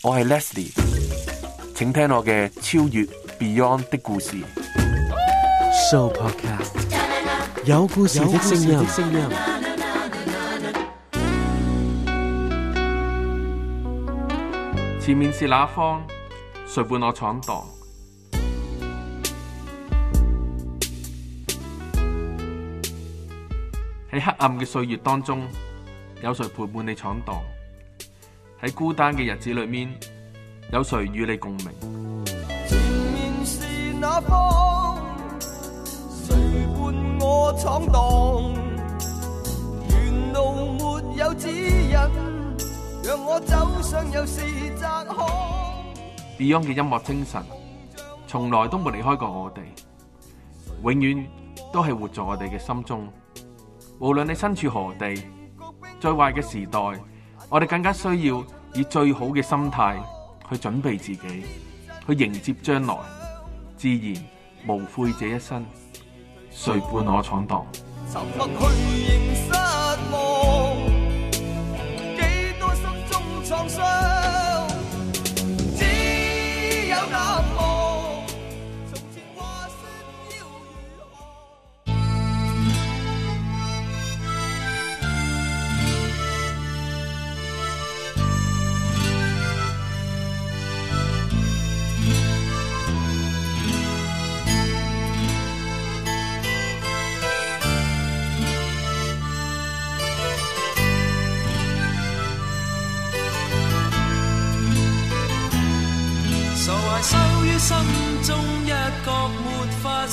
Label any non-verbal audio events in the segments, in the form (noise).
我係 Leslie，請聽我嘅超越 Beyond 的故事。Supercast 有故事的聲音。前面是那方？誰伴我闖蕩？喺黑暗嘅歲月當中，有誰陪伴你闖蕩？喺孤單嘅日子裏面，有誰與你共鳴？前面是哪方？誰伴我闖蕩？沿路沒有指引，讓我走上又是窄巷。Beyond 嘅音樂精神，從來都冇離開過我哋，永遠都係活在我哋嘅心中。無論你身處何地，最壞嘅時代。我哋更加需要以最好嘅心態去準備自己，去迎接將來。自然無悔這一生，誰伴我闖蕩？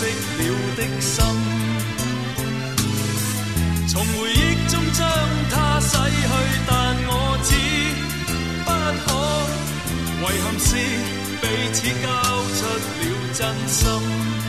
熄了的心，從回憶中將它洗去，但我知不可，遺憾是彼此交出了真心。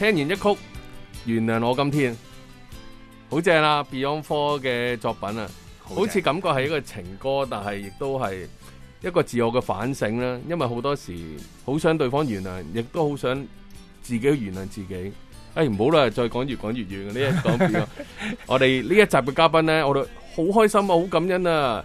聽完一曲，原諒我今天好正啦，Beyond Four 嘅作品啊，好似感覺係一個情歌，但係亦都係一個自我嘅反省啦。因為好多時好想對方原諒，亦都好想自己原諒自己。哎，唔好啦，再講越講越遠啊！呢一講呢個，我哋呢一集嘅嘉賓咧，我哋好開心啊，好感恩啊，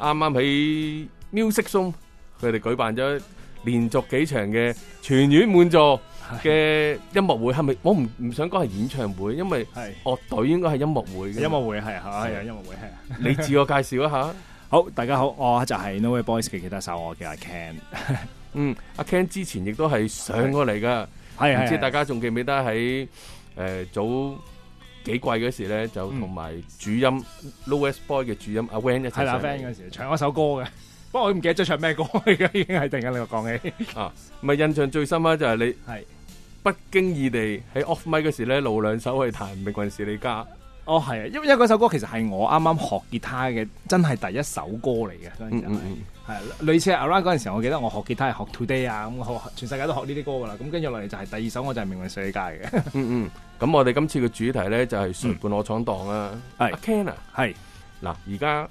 啱啱喺 Music Zone 佢哋舉辦咗連續幾場嘅全院滿座。嘅音樂會係咪？我唔唔想講係演唱會，因為樂隊應該係音樂會嘅。係音樂會，係啊，係啊，音樂會。你自我介紹一下。好，大家好，我就係 No Way Boys 嘅結他手，我叫阿 Ken。嗯，阿 (laughs) Ken 之前亦都係上過嚟㗎。係啊，唔知大家仲記唔記得喺誒、呃、早幾季嗰時咧，就同埋主音 No、嗯、Way Boys 嘅主音阿 w、mm -hmm. Van 一齊。係啦，Van 嗰時唱一首歌嘅。不過，我唔記得咗唱咩歌，而家已經係突然間你話講起啊，咪印象最深咧就係你係不經意地喺 off mic 嗰時咧露兩手去彈《命運是你家》。哦，係啊，因為因為嗰首歌其實係我啱啱學吉他嘅，真係第一首歌嚟嘅，就是。嗯係、嗯嗯、類似阿拉嗰陣時，我記得我學吉他係學 Today 啊，咁學全世界都學呢啲歌噶啦。咁跟住落嚟就係第二首，我就係《命運世界》嘅。嗯嗯，咁我哋今次嘅主題咧就係誰伴我闖蕩啊？係、嗯、啊 Ken 啊，係嗱而家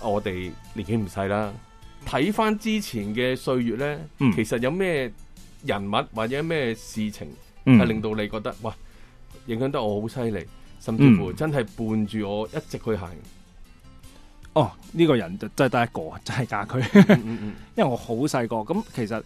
我哋年紀唔細啦。睇翻之前嘅歲月咧、嗯，其實有咩人物或者咩事情係、嗯、令到你覺得，哇，影響得我好犀利，甚至乎真係伴住我一直去行。嗯、哦，呢、呢個人就真係得一個，真係得佢。嗯嗯嗯、 (laughs) 因為我好細個，咁其實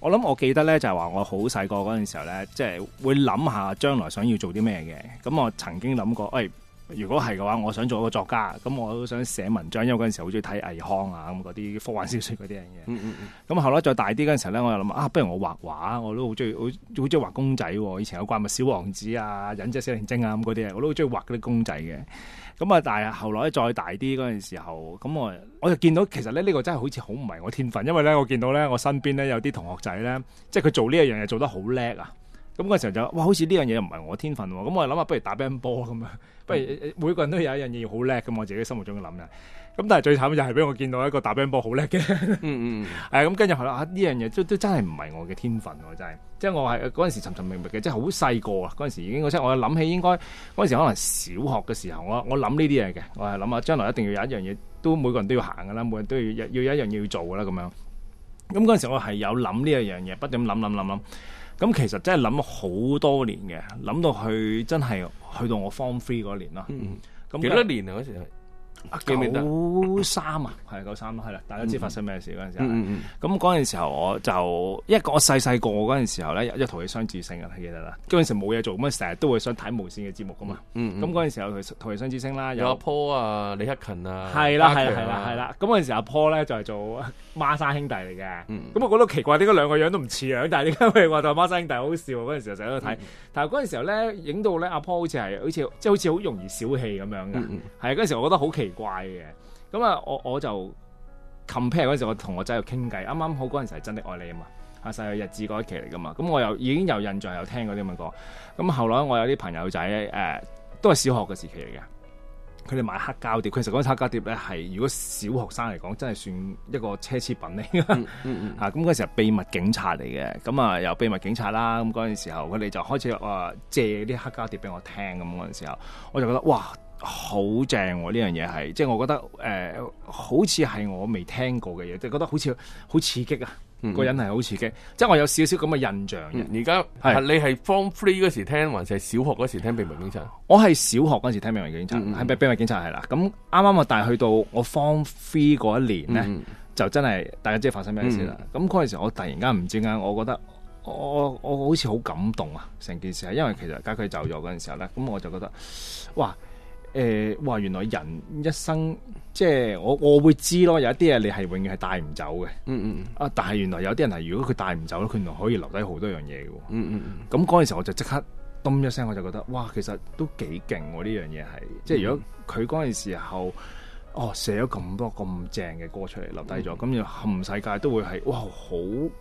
我諗我記得咧，就係話我好細個嗰陣時候咧，即係會諗下將來想要做啲咩嘅。咁我曾經諗過，哎。如果係嘅話，我想做一個作家，咁我都想寫文章，因為嗰陣時好中意睇藝康》啊，咁嗰啲科幻小説嗰啲嘢。咁、嗯嗯嗯、後嚟再大啲嗰陣時咧，我又諗啊，不如我畫畫，我都好中意，好好中意畫公仔、啊。以前有怪物小王子啊、忍者小靈精啊咁嗰啲我都好中意畫嗰啲公仔嘅。咁啊，但係後來再大啲嗰陣時候，咁我我就見到其實呢、這個真係好似好唔係我天分，因為咧我見到咧我身邊咧有啲同學仔咧，即係佢做呢一樣嘢做得好叻啊！咁嗰時候就哇，好似呢樣嘢唔係我天分喎、啊，咁我係諗啊，不如打乒乓波咁樣，不如每個人都有一樣嘢要好叻咁。我自己心目中嘅諗啦，咁但係最慘就係俾我見到一個打乒乓波好叻嘅，嗯嗯，嗯，咁跟住係啦，呢樣嘢都都真係唔係我嘅天分喎、啊，真係，即係我係嗰陣時尋尋覓覓嘅，即係好細個啊，嗰陣時已經我即諗起應該嗰陣時可能小學嘅時候，我我諗呢啲嘢嘅，我係諗下將來一定要有一樣嘢，都每個人都要行㗎啦，每個人都要要有一樣嘢要做㗎啦，咁樣。咁嗰陣時我係有諗呢一樣嘢，不斷諗諗諗諗。咁其實真係諗咗好多年嘅，諗到去真係去到我 Form Three 嗰年啦。嗯，咁幾多年啊？嗰時。記唔記得九三啊，係九三係啦，大家知道發生咩事嗰陣、嗯、時咁嗰陣時候我就，因為我細細個嗰陣時候咧，有同佢雙子星啊，你記得啦？嗰陣時冇嘢做，咁啊成日都會想睇無線嘅節目噶嘛。咁嗰陣時候，同佢雙子星啦，有阿 Po 啊、李克勤啊，係啦係啦係啦係啦。咁嗰陣時候阿 Po 咧就係、是、做孖生兄弟嚟嘅。咁、嗯、我覺得很奇怪，點解兩個樣都唔似樣？但係點解佢話就孖生兄弟好、嗯好？好笑嗰陣時就成日都睇。但係嗰陣時候咧，影到咧阿 Po 好似係好似即係好似好容易小氣咁樣嘅。係嗰陣時我覺得好奇。乖嘅，咁啊，我我就 compare 嗰陣時候，我同我仔去傾偈，啱啱好嗰陣時係真的剛剛真愛你啊嘛，啊，細個日子嗰一期嚟噶嘛，咁我又已經有印象過些，有聽嗰啲咁嘅歌，咁後來我有啲朋友仔，誒、呃，都係小學嘅時期嚟嘅，佢哋買黑膠碟，其實嗰啲黑膠碟咧係如果小學生嚟講，真係算一個奢侈品嚟噶，咁嗰陣時係秘密警察嚟嘅，咁啊，又秘密警察啦，咁嗰陣時候，佢哋就開始話借啲黑膠碟俾我聽，咁嗰陣時候，我就覺得哇！好正喎！呢樣嘢係，即係我覺得誒、呃，好似係我未聽過嘅嘢，就覺得好似好刺激啊！嗯、個人係好刺激，即係我有少少咁嘅印象。而家係你係 Form Three 嗰時候聽，還是係小學嗰時候聽秘密警察？我係小學嗰時聽秘密警察，係秘密警察係啦？咁啱啱我但係去到我 Form Three 嗰一年呢，嗯、就真係大家知發生咩事啦。咁嗰陣時我突然間唔知點解，我覺得我我好似好感動啊！成件事係因為其實家駒走咗嗰陣時候咧，咁我就覺得哇～誒、呃，哇！原來人一生即係我，我會知咯。有一啲嘢你係永遠係帶唔走嘅，嗯嗯啊，但係原來有啲人係，如果佢帶唔走咧，佢原來可以留低好多樣嘢嘅喎，嗯嗯，咁嗰陣時我就即刻咚一聲，我就覺得哇，其實都幾勁喎、啊！呢樣嘢係即係如果佢嗰陣時候、嗯、哦寫咗咁多咁正嘅歌出嚟，留低咗咁，就、嗯、冚世界都會係哇，好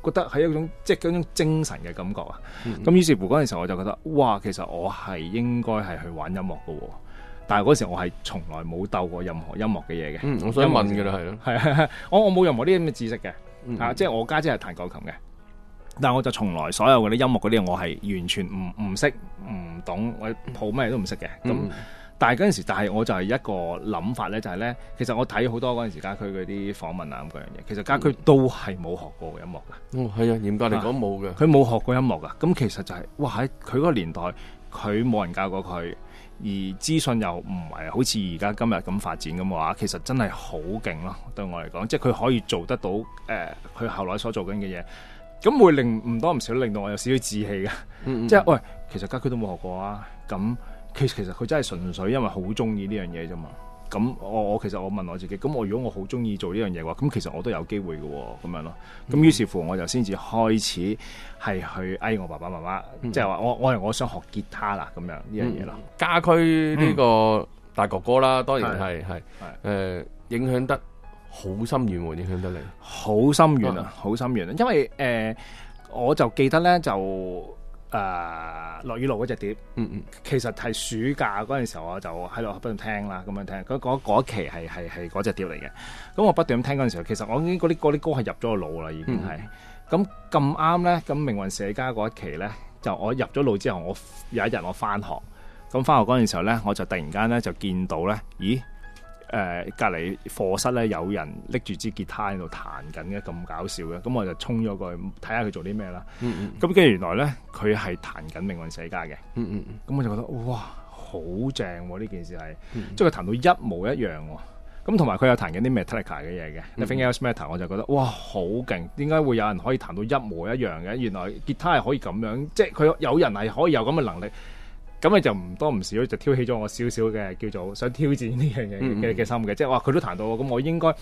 覺得係一種即係嗰種精神嘅感覺啊。咁、嗯、於是乎嗰陣時我就覺得哇，其實我係應該係去玩音樂嘅喎、啊。但係嗰時我係從來冇鬥過任何音樂嘅嘢嘅，我想問嘅啦、就是，係咯，係我我冇任何啲咁嘅知識嘅、嗯嗯，啊，即係我家姐係彈鋼琴嘅，但係我就從來所有嗰啲音樂嗰啲我係完全唔唔識唔懂，我抱咩都唔識嘅。咁但係嗰陣時，但係我就係一個諗法咧，就係、是、咧，其實我睇好多嗰陣時家駒嗰啲訪問啊咁嗰樣嘢，其實家駒都係冇學、嗯哦啊、學過音樂噶。哦，係啊，嚴格嚟講冇嘅，佢冇學過音樂噶。咁其實就係、是，哇喺佢嗰個年代，佢冇人教過佢。而資訊又唔係好似而家今日咁發展咁嘅話，其實真係好勁咯！對我嚟講，即係佢可以做得到佢、呃、後來所做緊嘅嘢，咁會令唔多唔少令到我有少少志氣嘅。嗯嗯即係喂，其實家駒都冇學過啊，咁其實其實佢真係純粹因為好中意呢樣嘢啫嘛。咁我我其實我問我自己，咁我如果我好中意做呢樣嘢嘅話，咁其實我都有機會嘅喎，咁樣咯。咁於是乎我就先至開始係去哎我爸爸媽媽，即係話我我係我想學吉他啦，咁樣呢、嗯、樣嘢啦。家駒呢個大哥哥啦、嗯，當然係係影響得好深遠喎，影響得你好深遠啊，好深遠啊，因為、呃、我就記得咧就。誒、uh, 落雨路嗰隻碟，嗯嗯，其實係暑假嗰陣時候，我就喺度不斷聽啦，咁樣聽。嗰嗰期係嗰隻碟嚟嘅。咁我不斷咁聽嗰陣時候，其實我已經嗰啲啲歌係入咗腦啦，已經係。咁咁啱咧，咁《命運社交》嗰一期咧，就我入咗腦之後，我有一日我翻學，咁翻學嗰陣時候咧，我就突然間咧就見到咧，咦？誒隔離課室咧，有人拎住支吉他喺度彈緊嘅，咁搞笑嘅，咁我就衝咗過去睇下佢做啲咩啦。咁跟住原來咧，佢係彈緊《命運世家》嘅。咁我就覺得哇，好正喎！呢件事係，mm -hmm. 即係佢彈到一模一樣喎、啊。咁同埋佢又彈緊啲咩 Metallica 嘅嘢嘅，mm《Nothing -hmm. Else Matters》我就覺得哇，好勁！點解會有人可以彈到一模一樣嘅？原來吉他係可以咁樣，即係佢有人係可以有咁嘅能力。咁你就唔多唔少就挑起咗我少少嘅，叫做想挑戰呢樣嘢嘅嘅心嘅、嗯嗯，即係話佢都彈到我，咁我應該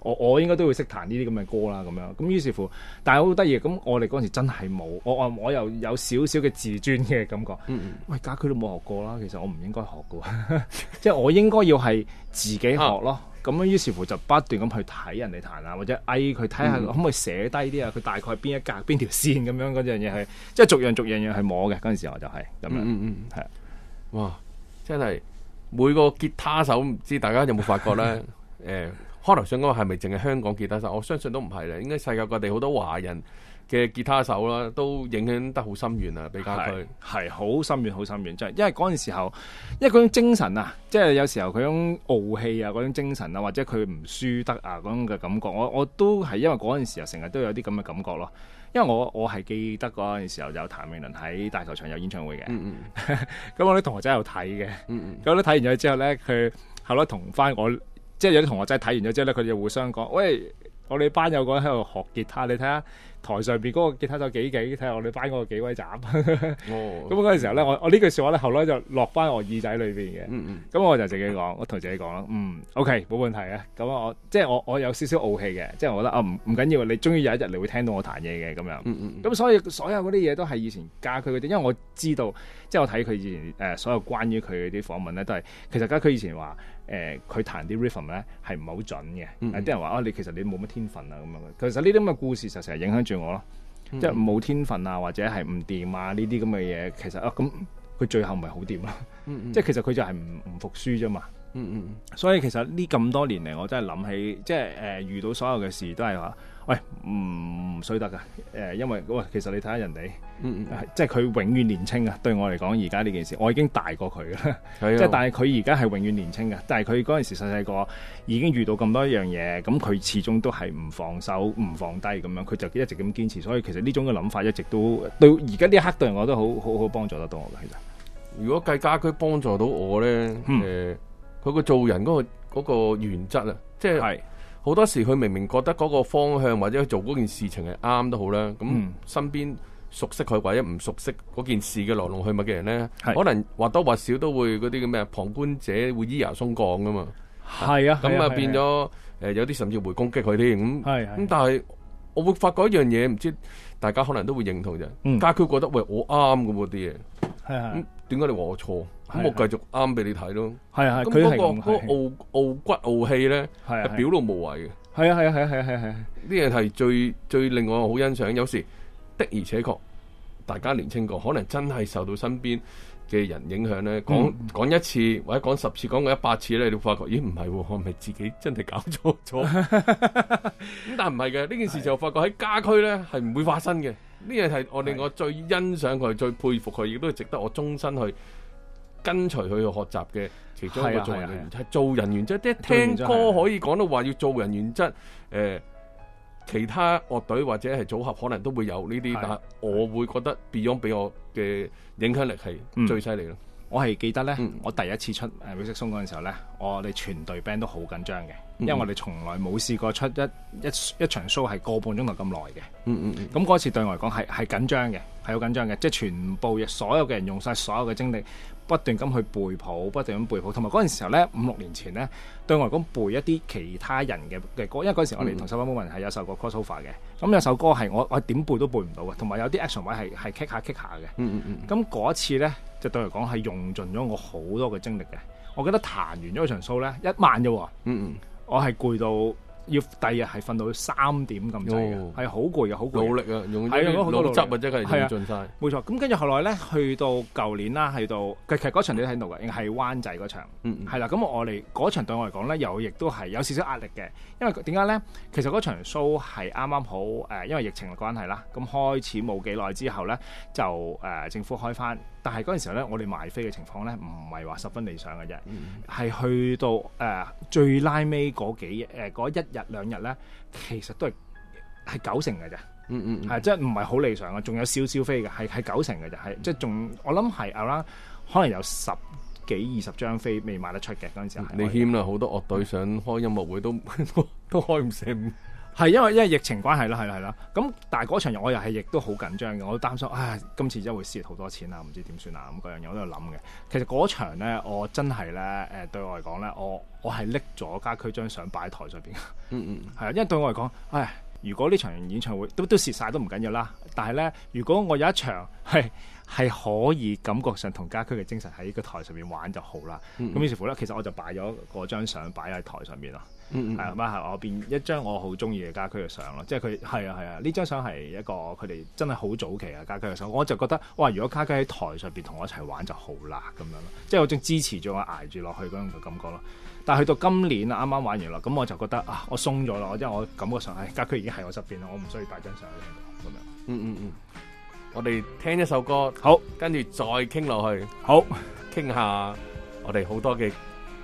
我我應該都會識彈呢啲咁嘅歌啦，咁樣咁於是乎，但係好得意，咁我哋嗰陣時真係冇，我我我又有少少嘅自尊嘅感覺。嗯嗯喂，假佢都冇學過啦，其實我唔應該學嘅， (laughs) 即係我應該要係自己學咯。啊。咁樣於是乎就不斷咁去睇人哋彈啊，或者嗌佢睇下可唔可以寫低啲啊？佢大概邊一格邊條線咁樣嗰樣嘢係，即係逐樣逐樣樣係摸嘅嗰陣時候就係咁樣，係嗯啊嗯嗯！哇！真係每個吉他手唔知大家有冇發覺咧？誒、 (laughs) 呃，可能想講係咪淨係香港吉他手？我相信都唔係咧，應該世界各地好多華人。嘅吉他手啦，都影響得好深遠啊！是比較係好深遠，好深遠，即係因為嗰陣時候，因為嗰種精神啊，即係有時候佢種傲氣啊，嗰種精神啊，或者佢唔輸得啊，嗰種嘅感覺，我我都係因為嗰陣時候成日都有啲咁嘅感覺咯。因為我我係記得嗰陣時候有譚詠麟喺大球場有演唱會嘅，咁、mm -hmm. (laughs) 我啲同學仔有睇嘅，咁、mm -hmm. 我睇完咗之後咧，佢後來同翻我，即係有啲同學仔睇完咗之後咧，佢哋就互相講：喂，我哋班有個人喺度學吉他，你睇下。台上邊嗰個吉他手幾幾，睇下我哋班嗰個幾威斬。咁嗰陣時候咧，我我呢句說話咧，後來就落翻我耳仔裏邊嘅。咁、嗯嗯、我就自己講，我同自己講啦，嗯，OK，冇問題嘅。咁我即係我我有少少傲氣嘅，即係我覺得啊，唔唔緊要，你終於有一日你會聽到我彈嘢嘅咁樣。咁、嗯嗯、所以所有嗰啲嘢都係以前家駒嗰啲，因為我知道，即係我睇佢以前誒、呃、所有關於佢啲訪問咧，都係其實家駒以前話。誒、呃、佢彈啲 rhythm 咧係唔係好準嘅？啲、嗯嗯、人話啊，你其實你冇乜天分啊咁樣。其實呢啲咁嘅故事就成日影響住我咯，嗯嗯即係冇天分啊，或者係唔掂啊呢啲咁嘅嘢。其實啊，咁、嗯、佢最後唔係好掂咯。即係其實佢就係唔唔服輸啫嘛。嗯嗯，所以其實呢咁多年嚟，我真係諗起，即係誒遇到所有嘅事都係話，喂唔衰得噶，誒、嗯呃、因為喂、呃，其實你睇下人哋、嗯嗯呃，即係佢永遠年輕啊！對我嚟講，而家呢件事，我已經大過佢啦，係即係但係佢而家係永遠年輕噶，但係佢嗰陣時細細個已經遇到咁多一樣嘢，咁佢始終都係唔放手、唔放低咁樣，佢就一直咁堅持。所以其實呢種嘅諗法一直都，對而家呢一刻對我都好好好幫助得到我噶。其實如果計家居幫助到我咧，誒、嗯。呃佢個做人嗰、嗰個嗰個原則啊，即係好多時佢明明覺得嗰個方向或者做嗰件事情係啱都好啦，咁身邊熟悉佢或者唔熟悉嗰件事嘅來龍去脈嘅人咧、啊，可能或多或少都會嗰啲叫咩旁觀者會依牙鬆槓㗎嘛，係啊，咁啊，啊咁變咗誒、啊啊呃、有啲甚至會攻擊佢添，咁咁、啊啊、但係我會發覺一樣嘢，唔知大家可能都會認同啫、啊，家佢覺得喂我啱咁嗰啲嘢，係係，點解、啊、你話我錯？咁我繼續啱俾你睇咯，係啊，咁、嗰個、嗰個傲傲、嗰個、骨傲氣咧，係表露無遺嘅，係啊，係啊，係啊，係啊，係啊，呢樣係最最令我好欣賞、嗯，有時的而且確，大家年輕過，可能真係受到身邊嘅人影響咧，講講一次或者講十次，講過一百次咧，你會發覺，咦，唔係，我咪自己真係搞錯咗。咁 (laughs) 但係唔係嘅，呢件事就發覺喺家居咧係唔會發生嘅，呢嘢係我令我最欣賞佢，最佩服佢，亦都值得我終身去。跟隨佢去學習嘅其中一個做人原則，啊啊啊啊啊啊啊啊、做人原則，即係聽歌可以講到話要做人原則。誒、呃，其他樂隊或者係組合可能都會有呢啲，啊啊，但係我會覺得 Beyond 俾我嘅影響力係最犀利咯。我係記得咧，嗯，我第一次出，嗯，誒《美式松》嗰陣時候咧，我哋全隊 band 都好緊張嘅。因為我哋從來冇試過出一一一場 show 係個半鐘頭咁耐嘅。咁、嗯、嗰、嗯、次對我嚟講係係緊張嘅，係好緊張嘅，即、就、係、是、全部所有嘅人用晒所有嘅精力，不斷咁去背譜，不斷咁背譜。同埋嗰陣時候咧，五六年前咧，對我嚟講背一啲其他人嘅嘅歌，因為嗰時候我哋同 moment 係有受過 cross over 嘅。咁有首歌係我我點背都背唔到嘅，同埋有啲 action 位係係 kick 下 kick 下嘅。咁嗰一次咧，就對我嚟講係用盡咗我好多嘅精力嘅。我記得彈完咗一場 show 咧，一晚啫喎。嗯嗯我係攰到。要第日係瞓到三點咁滯嘅，係好攰嘅，好攰。努力啊，用咗好多力。執啊，真係用盡曬。冇錯，咁跟住後來咧，去到舊年啦，去到其實嗰場你都喺度嘅，係灣仔嗰場，係啦。咁我我哋嗰場對我嚟講咧，又亦都係有少少壓力嘅，因為點解咧？其實嗰場 show 係啱啱好誒，因為疫情嘅關係啦，咁開始冇幾耐之後咧，就誒政府開翻，但係嗰陣時候咧，我哋賣飛嘅情況咧，唔係話十分理想嘅啫，係去到誒最拉尾嗰幾誒嗰一日兩日咧，其實都係係九成嘅咋，嗯嗯嗯，即係唔係好理想啊，仲有少少飛嘅，係係九成嘅咋。係即係仲，我諗係啦，可能有十幾二十張飛未賣得出嘅，嗰陣時係。你謙啦，好多樂隊想開音樂會都都，都開唔成。係因為因為疫情關係啦，係啦係啦。咁但係嗰場我又係亦都好緊張嘅，我都擔心唉今次真係會蝕好多錢啊，唔知點算啊咁嗰樣我都喺度諗嘅。其實嗰場咧，我真係咧誒對我嚟講咧，我我係拎咗家駒張相擺喺台上邊。嗯嗯，係啊，因為對我嚟講，唉，如果呢場演唱會都都蝕晒都唔緊要啦。但係咧，如果我有一場係係可以感覺上同家駒嘅精神喺個台上面玩就好啦。咁、嗯嗯、於是乎咧，其實我就擺咗嗰張相擺喺台上面咯。嗯，係、嗯、啊，係我變一張我好中意嘅家駒嘅相咯，即係佢係啊係啊，呢張相係一個佢哋真係好早期嘅家駒嘅相，我就覺得哇，如果家駒喺台上邊同我一齊玩就好喇，咁樣咯，即係我仲支持咗我挨住落去嗰種嘅感覺咯。但係去到今年啱啱玩完啦，咁我就覺得啊，我鬆咗啦，因為我感覺上係家駒已經喺我身邊啦，我唔需要帶張相喺度咁樣。嗯嗯嗯，我哋聽一首歌，好，跟住再傾落去，好，傾下我哋好多嘅。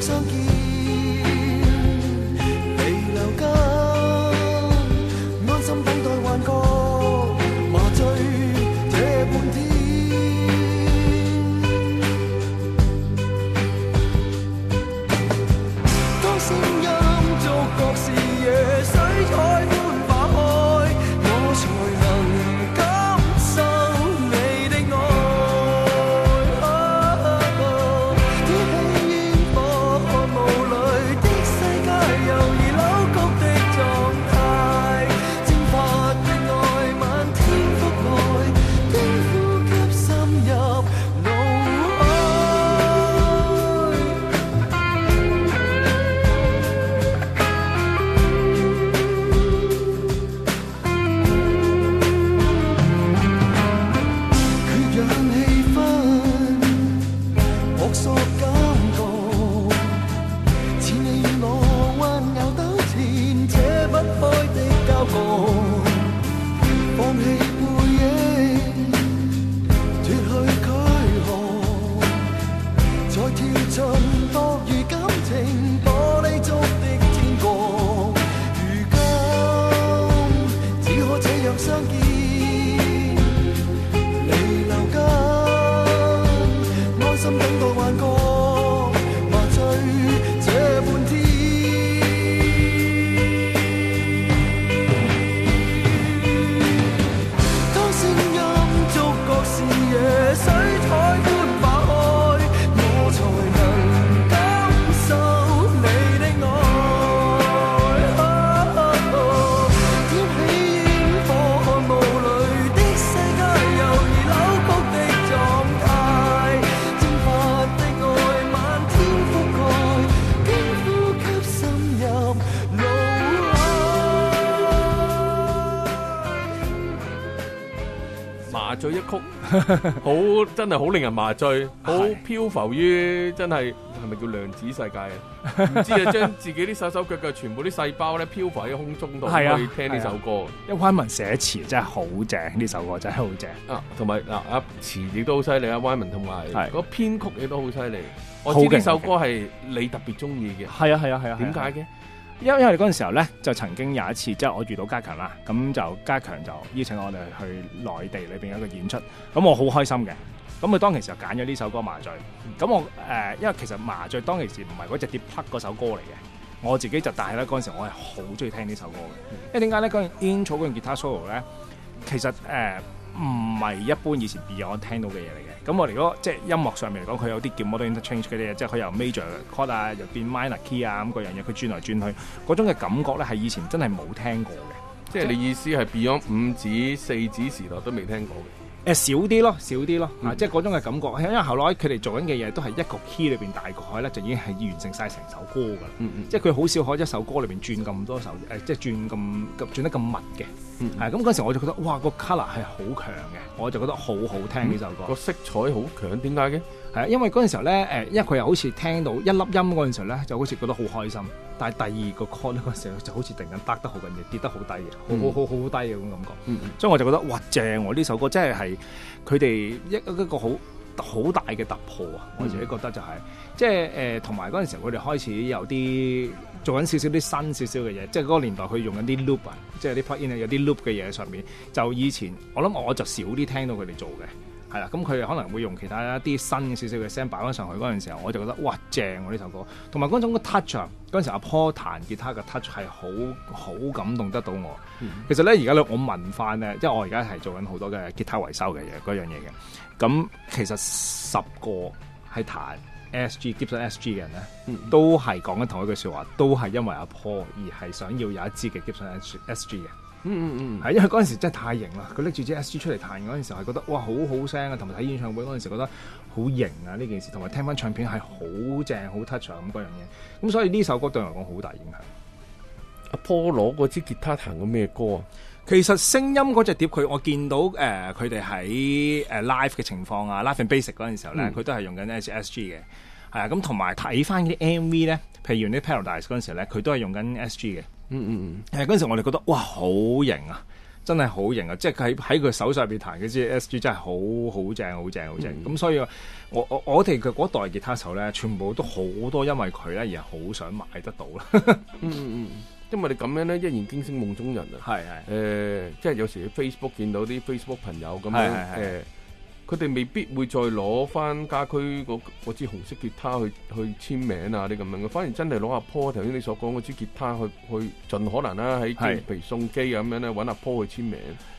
相見。好 (laughs) 真係好令人麻醉，好漂浮於真係係咪叫量子世界啊？唔 (laughs) 知啊，將自己啲手手腳腳全部啲細胞咧漂浮喺空中度，係啊，聽呢首歌，啊啊、因為 Wyman 寫詞真係好正，呢首歌真係好正啊！同埋嗱啊，詞亦都好犀利啊，Wyman 同埋嗰編曲亦都好犀利。我知呢首歌係你特別中意嘅，係啊係啊係啊，點解嘅？是啊是啊因為我哋嗰陣時候咧，就曾經有一次即係、就是，我遇到加強啦，咁就加強就邀請我哋去內地裏邊有一個演出，咁我好開心嘅。咁佢當其時就揀咗呢首歌《麻醉》，咁我誒、呃、因為其實《麻醉》當其時唔係隻碟嗰首歌嚟嘅，我自己就但係咧陣時候我係好中意聽呢首歌嘅，因為點解咧，嗰段 intro 嗰段吉他 solo 咧，其實誒唔係一般以前 Beyond 聽到嘅嘢嚟嘅。咁我如果即係音樂上面嚟講，佢有啲叫 modal interchange 嗰啲嘢，即係佢由 major chord 啊，又變 minor key 啊咁嗰樣嘢，佢轉來轉去，嗰種嘅感覺咧係以前真係冇聽過嘅。即係你意思係 Beyond 五指、四指時代都未聽過嘅、嗯嗯？少啲咯，少啲咯，嗯啊、即係嗰種嘅感覺，因為後來佢哋做緊嘅嘢都係一個 key 裏面，大概呢咧，就已經係完成晒成首歌噶啦、嗯嗯。即係佢好少喺一首歌裏面轉咁多首、呃、即係轉咁轉得咁密嘅。咁、mm、嗰 -hmm. 啊、時我就覺得，哇，個 color 係好強嘅，我就覺得好好聽呢、mm -hmm. 首歌。個色彩好強，點解嘅？啊，因為嗰陣時候咧，因為佢又好似聽到一粒音嗰陣時候咧，就好似覺得好開心。但係第二個 call 嗰陣時候，就好似突然間得得好緊嘅，跌得好低嘅，好好好好好低嘅咁感覺。Mm -hmm. 所以我就覺得，哇，正、啊！我呢首歌真係係佢哋一一個好。好大嘅突破啊！我自己覺得就係、是，嗯、即係誒、呃、同埋嗰陣時候，佢哋開始有啲做緊少少啲新少少嘅嘢，即係嗰個年代佢用緊啲 loop 啊，即係啲 plug in 啊，有啲 loop 嘅嘢喺上面，就以前我諗我就少啲聽到佢哋做嘅。係啦，咁佢可能會用其他一啲新嘅少少嘅聲擺翻上去嗰陣時候，我就覺得哇，正喎，呢首歌，同埋嗰種嘅 touch 啊，嗰陣時阿 Paul 彈吉他嘅 touch 係好好感動得到我。其實咧，而家咧我問翻咧，即係我而家係做緊好多嘅吉他維修嘅嘢嗰樣嘢嘅，咁其實十個係彈 SG Gibson SG 嘅人咧，都係講緊同一句説話，都係因為阿 Paul 而係想要有一支嘅 Gibson SG 嘅。嗯嗯嗯，係，因為嗰陣時真係太型啦！佢拎住支 SG 出嚟彈嗰陣時，係覺得哇好好聲啊！同埋睇演唱會嗰陣時，覺得好型啊！呢件事，同埋聽翻唱片係好正、好 touch 咁嗰樣嘢，咁所以呢首歌對我嚟講好大影響。阿波羅嗰支吉他彈嘅咩歌啊？其實聲音嗰隻碟，佢我見到誒，佢哋喺誒 live 嘅情況啊，live and basic 嗰陣時候咧，佢、mm-hmm. 都係用緊 SG 嘅。係啊，咁同埋睇翻啲 MV 咧，譬如用啲 Paradise 嗰陣時咧，佢都係用緊 SG 嘅。嗯嗯嗯，誒嗰陣時我哋覺得哇好型啊，真係好型啊！即係喺喺佢手上邊彈嗰支 SG 真係好好正，好正好正。咁、mm -hmm. 所以我我我哋嘅嗰代吉他手咧，全部都好多因為佢咧而係好想買得到啦。嗯嗯，因為你咁樣咧，一言驚醒夢中人啊。係係。誒、欸，即係有時喺 Facebook 見到啲 Facebook 朋友咁樣誒。係係係係欸佢哋未必會再攞翻家駒嗰、嗰個、支紅色吉他去去簽名啊你咁樣，反而真係攞阿 Paul 頭先你所講嗰支吉他去去盡可能啦、啊，喺譬如送機咁樣咧揾阿 Paul 去簽名，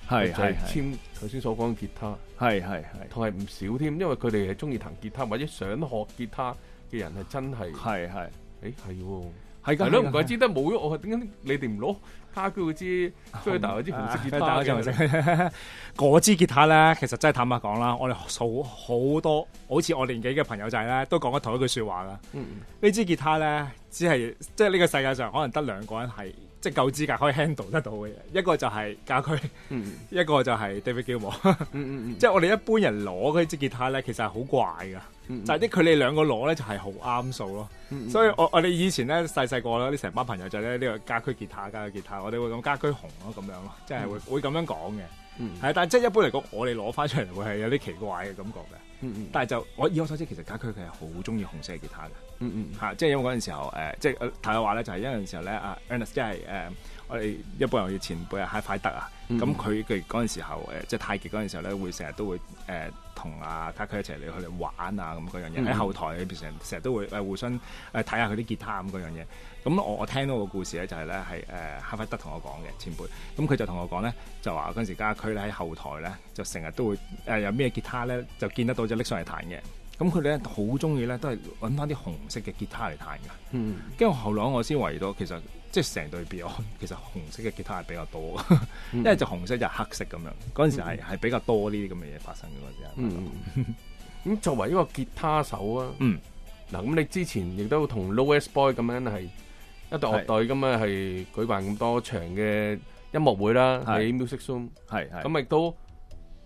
係就係簽頭先所講嘅吉他，係係係，同係唔少添，因為佢哋係中意彈吉他或者想學吉他嘅人係真係係係，誒係喎，係㗎，係咯唔怪之得冇咗，我點解你哋唔攞？家居嗰支 Fender 嗰支紅色吉他嗰 (laughs) 支吉他咧，其實真係坦白講啦，我哋數好多，好似我年紀嘅朋友仔咧，都講咗同一句説話啦。嗯、支結他呢支吉他咧，只係即係呢個世界上可能得兩個人係即係夠資格可以 handle 得到嘅，一個就係家居、嗯，一個就係 David Gilmour、嗯。即 (laughs) 係、嗯就是、我哋一般人攞嗰支吉他咧，其實係好怪噶。就係啲佢哋兩個攞咧，就係好啱數咯。所以我我哋以前咧，細細個咧，啲成班朋友就咧呢個家駒吉他、家駒吉他，我哋會講家駒紅咯咁樣咯，即、就、係、是、會會咁樣講嘅、嗯嗯。但係即係一般嚟講，我哋攞翻出嚟會係有啲奇怪嘅感覺嘅、嗯嗯。但係就我以我所知，其實家駒佢係好中意紅色嘅吉他嘅、嗯嗯啊。即係因為嗰陣時候誒、呃，即係頭嘅話咧，呃、就係因為嗰陣時候咧啊 Ernest 即係、呃、我哋一般人要前輩啊，High Five 得啊，咁佢嘅嗰陣時候、呃、即係太極嗰陣時候咧，會成日都會、呃同啊，卡佢一齊嚟去玩啊，咁嗰樣嘢喺後台，佢成成日都會誒互相誒睇下佢啲吉他咁嗰樣嘢。咁我我聽到個故事咧、就係呃，就係咧係誒卡德同我講嘅前輩。咁佢就同我講咧，就話嗰陣時卡區咧喺後台咧，就成日都會誒有咩吉他咧，就見得到就拎上嚟彈嘅。咁佢哋咧好中意咧，都係揾翻啲紅色嘅吉他嚟彈㗎。嗯，跟住後嚟我先圍到其實。即係成對比哦，其實紅色嘅吉他係比較多，mm -hmm. 因為就紅色，就係黑色咁樣。嗰陣時係、mm -hmm. 比較多呢啲咁嘅嘢發生嘅嗰陣時。咁、mm -hmm. (laughs) 作為一個吉他手啊，嗱、mm、咁 -hmm. 你之前亦都同 Louis Boy 咁樣係一隊樂隊咁啊係舉辦咁多場嘅音樂會啦，喺 Music Room 係咁亦都，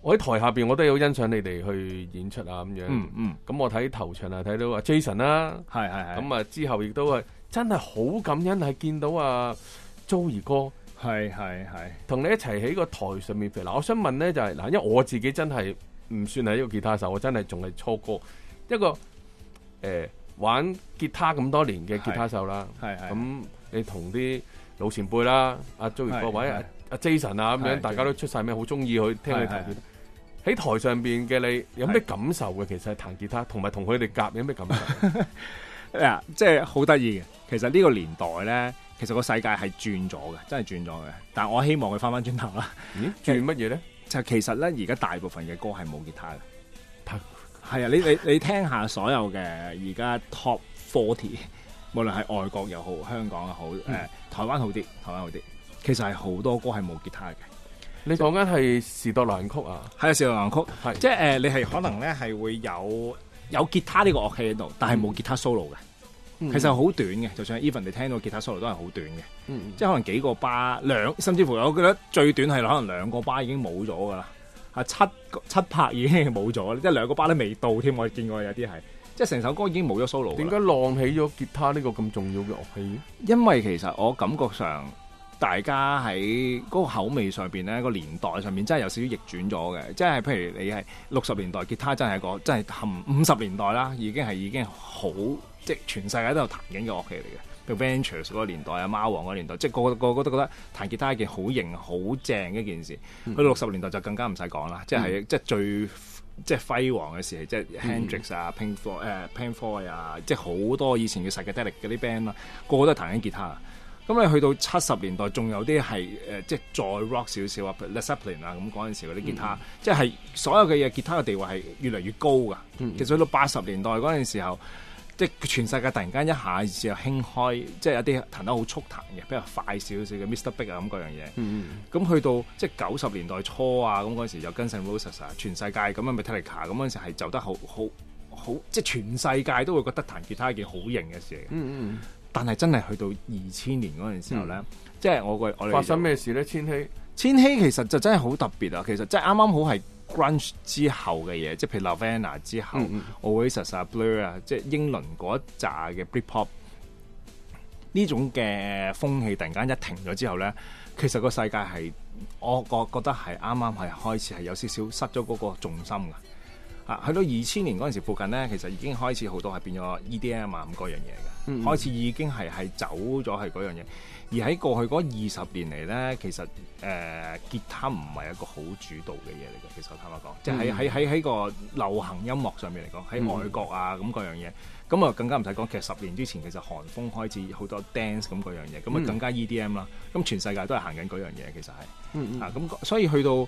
我喺台下邊我都有欣賞你哋去演出啊咁樣，嗯、mm、咁 -hmm. 我睇頭場啊睇到啊 Jason 啦，係咁啊之後亦都係。真係好感恩係見到啊 Joey 哥係係係，同你一齊喺個台上面飛。嗱，我想問咧就係、是、嗱，因為我自己真係唔算係一個吉他手，我真係仲係初哥一個誒、呃、玩吉他咁多年嘅吉他手啦。係咁，你同啲老前輩啦，阿 Joey 哥或者阿、啊、Jason 啊咁樣，大家都出晒咩好中意去聽佢彈吉他。喺台上邊嘅你有咩感受嘅？其實係彈吉他，同埋同佢哋夾有咩感受的？嗱， (laughs) 即係好得意嘅。其實呢個年代咧，其實個世界係轉咗嘅，真係轉咗嘅。但我希望佢翻翻轉頭啦。轉乜嘢咧？就其實咧，而家大部分嘅歌係冇吉他嘅。係 (laughs) 啊，你你你聽下所有嘅而家 Top Forty，無論係外國又好，香港又好，嗯呃，台灣好啲，台灣好啲。其實係好多歌係冇吉他嘅。你講緊係士多蘭曲啊？係啊，士多蘭曲，即係、就係呃、你係可能咧係會有有吉他呢個樂器喺度，但係冇吉他 solo 嘅。嗯其實好短嘅，就算 even 你聽到的吉他 solo 都係好短嘅，嗯、即係可能幾個巴兩，甚至乎我覺得最短係可能兩個巴已經冇咗噶啦，係七七拍已經冇咗，即係兩個巴都未到添。我見過有啲係，即係成首歌已經冇咗 solo 了。點解放棄咗吉他呢個咁重要嘅樂器？因為其實我感覺上大家喺嗰個口味上邊咧，個年代上面真係有少少逆轉咗嘅。即係譬如你係六十年代吉他真係、一個真係含五十年代啦，已經係已經好。即係全世界都有彈緊嘅樂器嚟嘅 Ventures 嗰個年代啊，貓王嗰個年代，即係個,個個個都覺得彈吉他係一件好型、好正嘅一件事。去、嗯、到六十年代就更加唔使講啦，即係即係最即係輝煌嘅時期，即係 Hendrix 啊、嗯、Pink Floyd 啊，即係好多以前嘅世界頂力嗰啲 band 啦，個個都係彈緊吉他。咁、嗯、你、嗯、去到七十年代仲有啲係誒，即係再 rock 少少啊 Led Zeppelin 啊咁嗰陣時嗰啲吉他，嗯、即係所有嘅嘢吉他嘅地位係越嚟越高噶、嗯。其實去到八十年代嗰陣時候。即係全世界突然間一下就興開，即、就、係、是、有啲彈得好速彈嘅，比較快少少嘅 Mr. Big 啊咁嗰樣嘢。嗯咁、嗯、去到即係九十年代初啊，咁嗰時就跟上 Roses，全世界咁啊咪 Metallica，咁嗰時係走得好好好，即係、就是、全世界都會覺得彈吉他係件好型嘅事嚟嘅、嗯嗯嗯。但係真係去到二千年嗰陣時候咧，即、嗯、係、就是、我個我發生咩事咧？千禧千禧其實就真係好特別啊！其實即係啱啱好係。Grunge 之後嘅嘢，即係譬如 Nirvana 之後、mm -hmm.，Oasis 啊、Blur 啊，即係英倫嗰一紮嘅 Britpop 呢種嘅風氣，突然間一停咗之後咧，其實個世界係我覺覺得係啱啱係開始係有少少失咗嗰個重心噶。啊，去到二千年嗰陣時候附近咧，其實已經開始好多係變咗 EDM 啊，咁嗰樣嘢嘅。嗯嗯開始已經係係走咗係嗰樣嘢，而喺過去嗰二十年嚟咧，其實誒吉、呃、他唔係一個好主導嘅嘢嚟嘅。其實我坦白講，嗯、即係喺喺喺喺個流行音樂上面嚟講，喺外國啊咁嗰樣嘢，咁、嗯、啊更加唔使講。其實十年之前其實韓風開始好多 dance 咁嗰樣嘢，咁啊更加 EDM 啦。咁、嗯、全世界都係行緊嗰樣嘢，其實係、嗯嗯、啊咁，所以去到。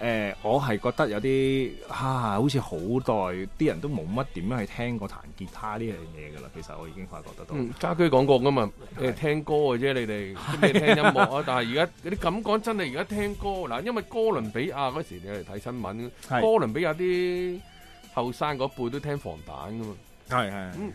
誒，我係覺得有啲嚇，好似好耐啲人都冇乜點樣去聽過彈吉他呢樣嘢㗎啦。其實我已經發覺得到。家駒講過㗎嘛，聽歌嘅啫，你哋咩聽音樂啊？但係而家嗰啲咁講真，係而家聽歌嗱，因為哥倫比亞嗰時你嚟睇新聞，哥倫比亞啲後生嗰輩都聽防彈㗎嘛。係係。咁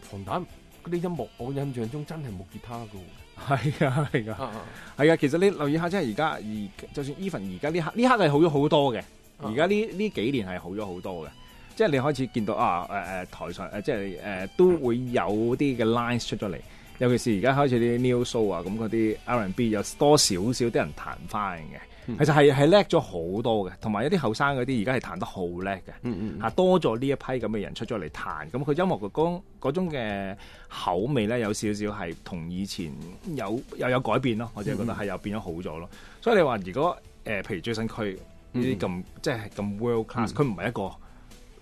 防彈嗰啲音樂，我印象中真係冇吉他㗎喎。係啊，係啊，係、uh、啊 -huh.，其實你留意下，即係而家，而就算 even 而家呢刻呢刻係好咗好多嘅，而家呢呢幾年係好咗好多嘅，即係你開始見到啊誒誒、呃、台上誒、呃、即係誒、呃、都會有啲嘅 lines 出咗嚟，尤其是而家開始啲 new show 啊咁嗰啲 R&B 有多少少啲人彈翻嘅。嗯、其實係係叻咗好多嘅，同埋一啲後生嗰啲而家係彈得好叻嘅，嚇、嗯嗯、多咗呢一批咁嘅人出咗嚟彈，咁佢音樂嗰種嗰種嘅口味咧有少少係同以前有又有，有改變咯，我只係覺得係又變咗好咗咯、嗯。所以你話如果誒、呃，譬如最新佢呢啲咁即係咁 world class，佢唔係一個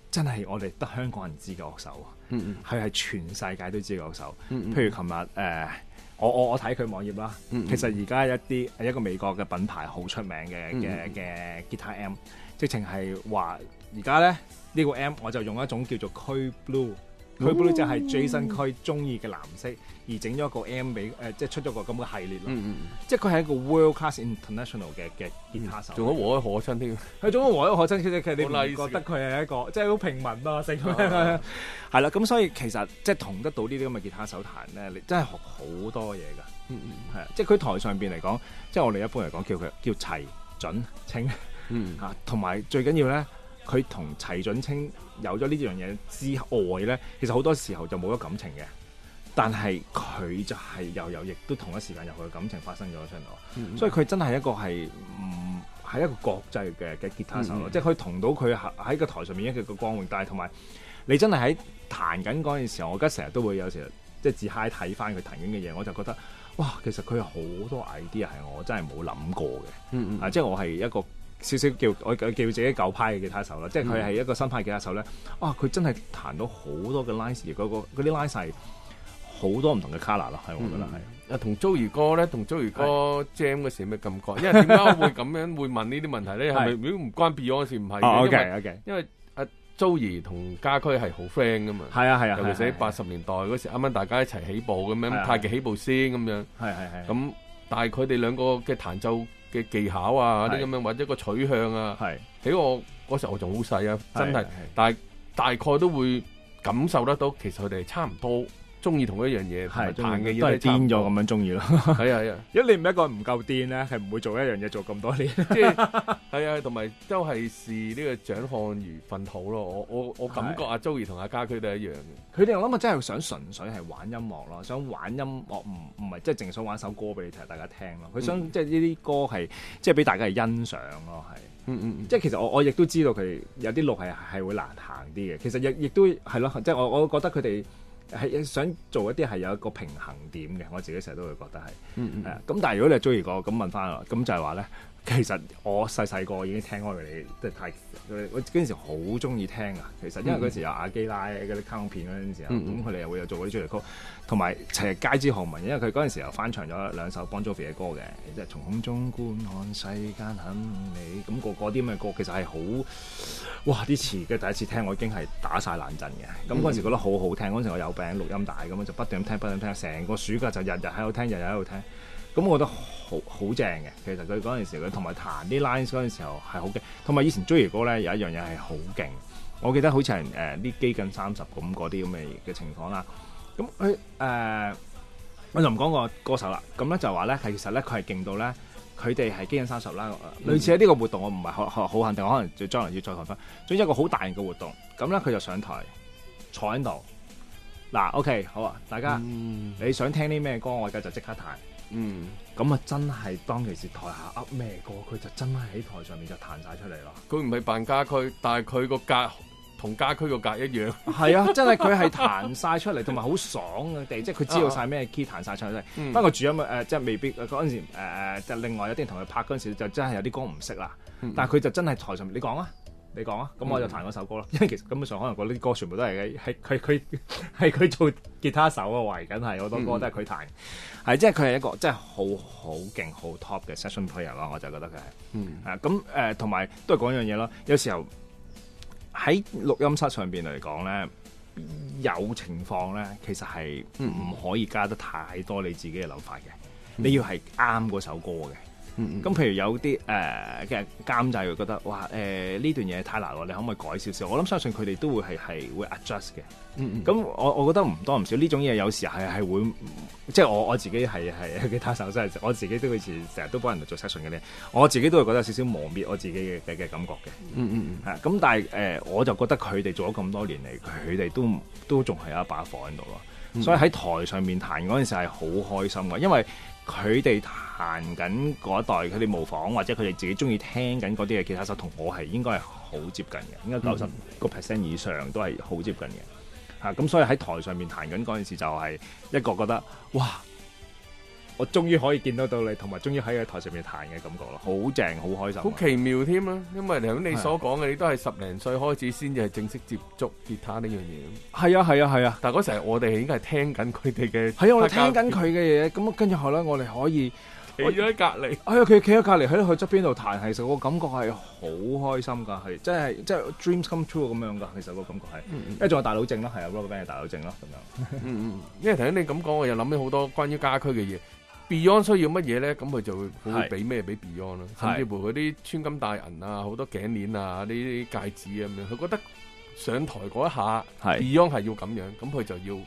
真係我哋得香港人知嘅樂手，佢、嗯、係、嗯、全世界都知嘅樂手。嗯嗯、譬如琴日誒。呃我我我睇佢網頁啦，其實而家一啲一個美國嘅品牌好出名嘅嘅嘅結他 M，直情係話而家咧呢、這個 M 我就用一種叫做 q u blue。佢嗰就係最新區中意嘅藍色，而整咗個 M 俾、呃、即係出咗個咁嘅系列咯。Mm -hmm. 即係佢係一個 World Class International 嘅嘅吉他手，仲好和藹可親添。佢仲好和藹可親，其實佢你唔覺得佢係一個、like. 即係好平民咯、啊，成質係啦。咁、oh, yeah, yeah. (laughs) 所以其實即係同得到呢啲咁嘅吉他手彈咧，你真係學好多嘢㗎、mm -hmm.。即係佢台上邊嚟講，即係我哋一般嚟講叫佢叫齊準清。Mm -hmm. 啊，同埋最緊要咧，佢同齊準清。有咗呢樣嘢之外咧，其實好多時候就冇咗感情嘅。但係佢就係又有，亦都同一時間有佢嘅感情發生咗上落。所以佢真係一個係唔係一個國際嘅嘅吉他手咯、嗯，即係佢同到佢喺個台上面一個嘅光榮。但係同埋你真係喺彈緊嗰陣時候，我而家成日都會有時即係自嗨睇翻佢彈緊嘅嘢，我就覺得哇，其實佢好多 idea 係我真係冇諗過嘅、嗯嗯。即係我係一個。少少叫我叫自己舊派嘅吉他手啦，即係佢係一個新派吉他手咧。哇、嗯，佢、啊、真係彈到好多嘅拉弦，嗰個嗰啲拉線好多唔同嘅 color 咯、嗯，係我覺得係。阿同 Joey 哥咧，同 Joey 哥 jam 嗰時咩感覺？因為點解會咁樣會問呢啲問題咧？係咪如果唔關 Beyond 事唔係 OK 因為阿 Joey 同家駒係好 friend 噶嘛。係啊係啊，尤其係八十年代嗰時啱啱大家一齊起，起步咁樣，太極、啊、起步先咁樣。係係係。咁、啊啊、但係佢哋兩個嘅彈奏。嘅技巧啊，啲咁樣或者個取向啊，喺我嗰時候我仲好細啊，真係，但係大，大概都會感受得到，其實佢哋係差唔多。中意同一樣嘢係，都係癲咗咁樣中意咯。係 (laughs) 啊，啊啊 (laughs) 如果你唔係一個唔夠癲咧，係唔會做一樣嘢做咁多年。 (laughs) 即係係啊，同埋都係視呢個獎項如糞土咯。我我我感覺阿周瑜同阿家駒都係一樣嘅。佢哋我諗啊，真係想純粹係玩音樂咯，想玩音樂唔唔係即係淨想玩首歌俾你聽大家聽咯。佢想、嗯、即係呢啲歌係即係俾大家係欣賞咯。係、嗯嗯嗯、即係其實我我亦都知道佢有啲路係係會難行啲嘅。其實亦亦都係咯、啊，即係我我覺得佢哋。係想做一啲係有一個平衡點嘅，我自己成日都會覺得係，係、嗯嗯、啊。咁但係如果你係中意個咁問翻我，咁就係話咧。其實我細細個已經聽開佢哋，真係太我嗰時好中意聽啊！其實因為嗰時有阿基拉嗰啲卡通片嗰陣時候，咁佢哋又會有做嗰啲主題曲，同埋《騎街之漢民》，因為佢嗰陣時候翻唱咗兩首 Bon Jovi 嘅歌嘅，即係從空中觀看世間很美。咁嗰嗰啲咁嘅歌其實係好哇啲詞嘅第一次聽，我已經係打晒冷震嘅。咁嗰陣時候覺得好好聽，嗰陣時我有病錄音帶咁就不斷聽聽不斷聽不斷聽，成個暑假就日日喺度聽日日喺度聽。天天在咁我覺得好好正嘅，其實佢嗰陣時佢同埋彈啲 lines 嗰陣時候係好勁，同埋以前追嘅哥咧有一樣嘢係好勁。我記得好似係誒啲基近三十咁嗰啲咁嘅嘅情況啦。咁佢誒我就唔講個歌手啦。咁咧就話咧，其實咧佢係勁到咧，佢哋係基近三十啦。類似喺呢個活動我，我唔係好肯定，我可能再將來要再講翻。總之一個好大型嘅活動，咁咧佢就上台坐喺度。嗱、啊，OK 好啊，大家、嗯、你想聽啲咩歌？我而家就即刻彈。嗯，咁啊真係當其時台下噏咩歌，佢就真係喺台上面就彈晒出嚟咯。佢唔係扮家駒，但係佢個格同家駒個格一樣。係 (laughs) 啊，真係佢係彈晒出嚟，同埋好爽嘅地，即係佢知道晒咩 key 彈晒出嚟，嗯。不過主要咪誒，即、呃、係、就是、未必嗰陣時誒誒、呃，就另外有啲人同佢拍嗰陣時，就真係有啲歌唔識啦。但係佢就真係台上面，你講啊。你講啊，咁我就彈嗰首歌咯。嗯、因為其實根本上可能嗰啲歌全部都係係佢佢係佢做吉他手嘅為緊係，好多歌都係佢彈。係、嗯、即係佢係一個即係好好勁、好 top 嘅 session player 咯。我就覺得佢係。啊，咁誒同埋都係講一樣嘢咯。有時候喺錄音室上面嚟講咧，有情況咧，其實係唔可以加得太多你自己嘅諗法嘅。嗯、你要係啱嗰首歌嘅。咁、嗯嗯、譬如有啲誒嘅監製，覺得哇呢、呃、段嘢太難喎，你可唔可以改少少？我諗相信佢哋都會係係會 adjust 嘅。咁、嗯嗯、我我覺得唔多唔少呢種嘢，有時係會即係我我自己係其他手真係，我自己都以前成日都幫人做 session 嘅咧，我自己都會覺得少少磨滅我自己嘅嘅感覺嘅。咁、嗯嗯嗯啊，但係、呃、我就覺得佢哋做咗咁多年嚟，佢哋都都仲係有一把火喺度咯。嗯嗯所以喺台上面彈嗰陣時係好開心嘅，因為。佢哋彈緊嗰一代，佢哋模仿或者佢哋自己鍾意聽緊嗰啲嘅結他手，同我係應該係好接近嘅，應該九十個 percent 以上都係好接近嘅。咁、mm -hmm. 啊、所以喺台上面彈緊嗰陣時就係一個覺得哇！我終於可以見得到你，同埋終於喺個台上面彈嘅感覺啦，好正，好開心。好奇妙添啦，因為頭先你所講嘅，你都係十零歲開始先至係正式接觸吉他呢樣嘢。係啊，係啊，係啊，啊！但係嗰時我哋應該係聽緊佢哋嘅。係啊，我哋聽緊佢嘅嘢。咁跟住後咧，我哋可以企咗喺隔離。係啊，佢企喺隔離，喺佢側邊度彈。其實個感覺係好開心㗎，係真係即係 dreams come true 咁樣㗎。其實個感覺係、嗯、因為仲有大佬症啦，係啊 Robert Ben 有大佬症啦，咁樣。嗯 (laughs) 因為頭先你咁講，我又諗起好多關於家居嘅嘢。Beyond 需要乜嘢咧？咁佢就會會俾咩俾 Beyond 咯，甚至乎啲穿金戴銀啊、好多頸鏈啊、呢啲戒指啊咁樣，佢覺得上台嗰一下是，Beyond 係要咁樣，咁佢就要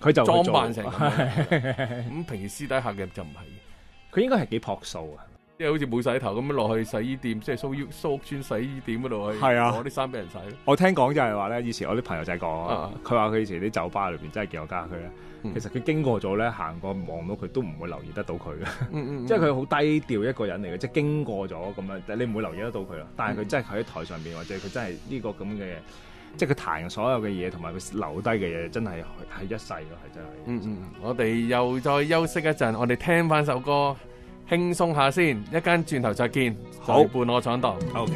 佢就裝扮成咁。平時私底下嘅就唔係，佢 (laughs) 應該係幾樸素啊。即係好似冇洗頭咁樣落去洗衣店，即係蘇屋蘇屋村洗衣店嗰度，係啊，攞啲衫俾人洗。我聽講就係話咧，以前我啲朋友就係講，佢話佢以前啲酒吧裏邊真係見我家駒咧、嗯。其實佢經過咗咧，行過望到佢都唔會留意得到佢嘅，即係佢好低調一個人嚟嘅。即係經過咗咁樣，你唔會留意得到佢咯。但係佢真係喺台上面、嗯，或者佢真係呢個咁嘅，即係佢彈所有嘅嘢，同埋佢留低嘅嘢，真係係一世咯，係真係、嗯嗯。我哋又再休息一陣，我哋聽翻首歌。輕鬆一下先，一間轉頭再見，好，好伴我闖蕩，OK。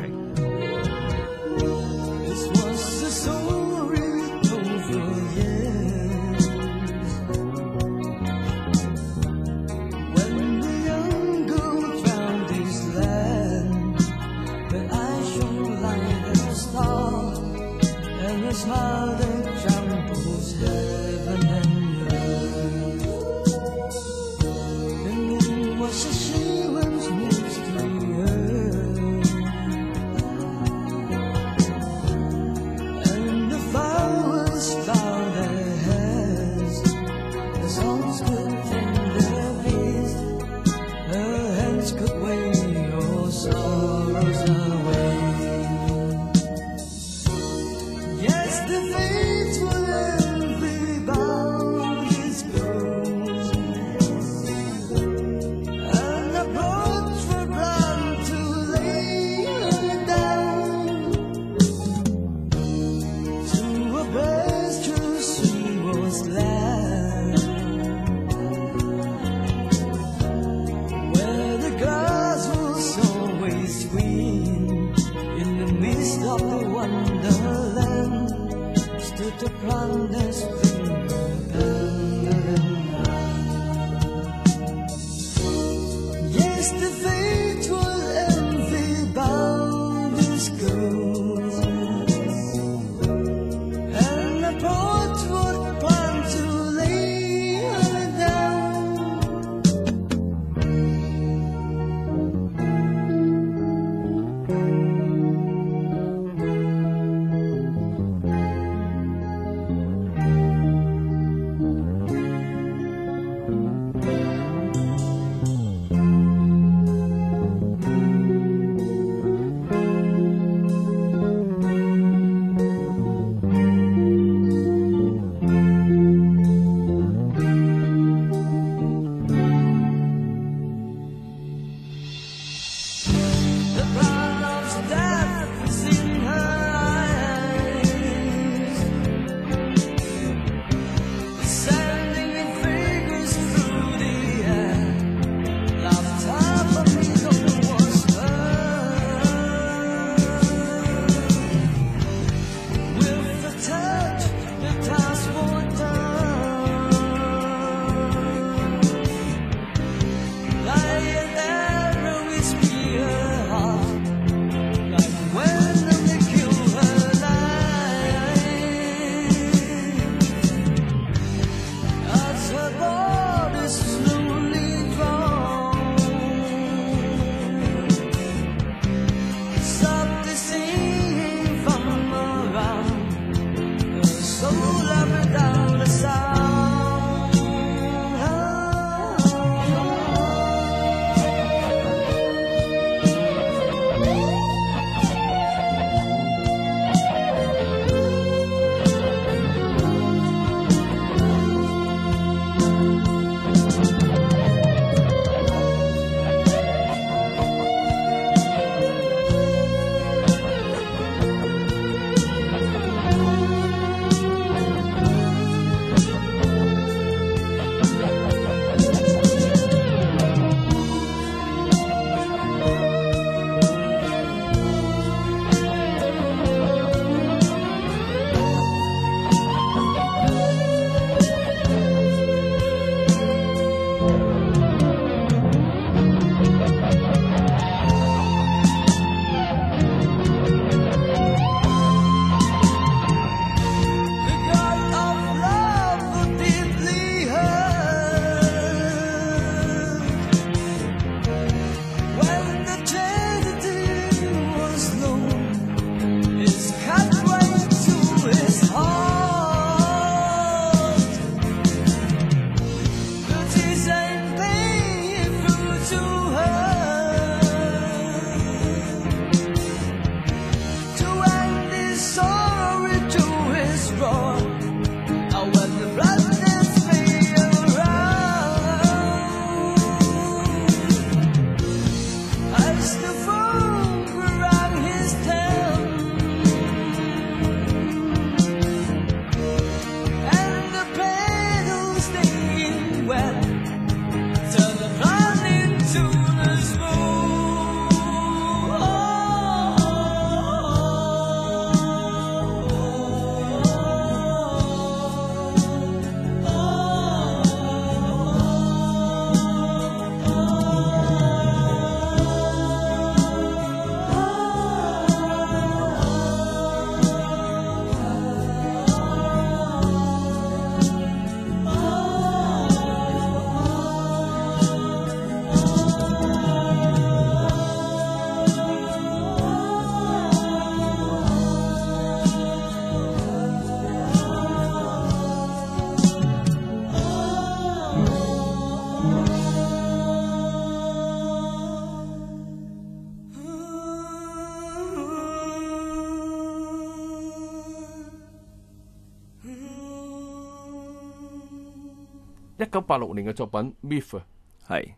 九八六年嘅作品《Myth》是，係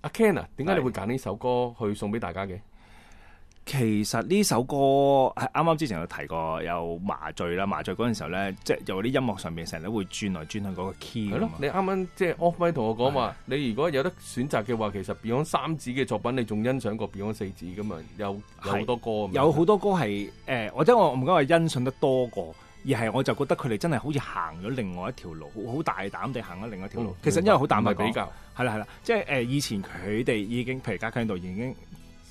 阿 Ken 啊，點解你會揀呢首歌去送俾大家嘅？其實呢首歌係啱啱之前有提過，有麻醉啦，麻醉嗰陣時候咧，即係有啲音樂上面成日都會轉來轉去嗰個 key。係咯，你啱啱即係 off mic 同我講話，你如果有得選擇嘅話，其實 Beyond 三子嘅作品你仲欣賞過 Beyond 四子噶嘛？有好多歌，是有好多歌係誒，呃，或者我唔該係欣賞得多過。而係我就覺得佢哋真係好似行咗另外一條路，好大膽地行咗另外一條路。嗯、其實因為好大膽講，係啦係啦，即係誒、呃、以前佢哋已經譬如家區度已經，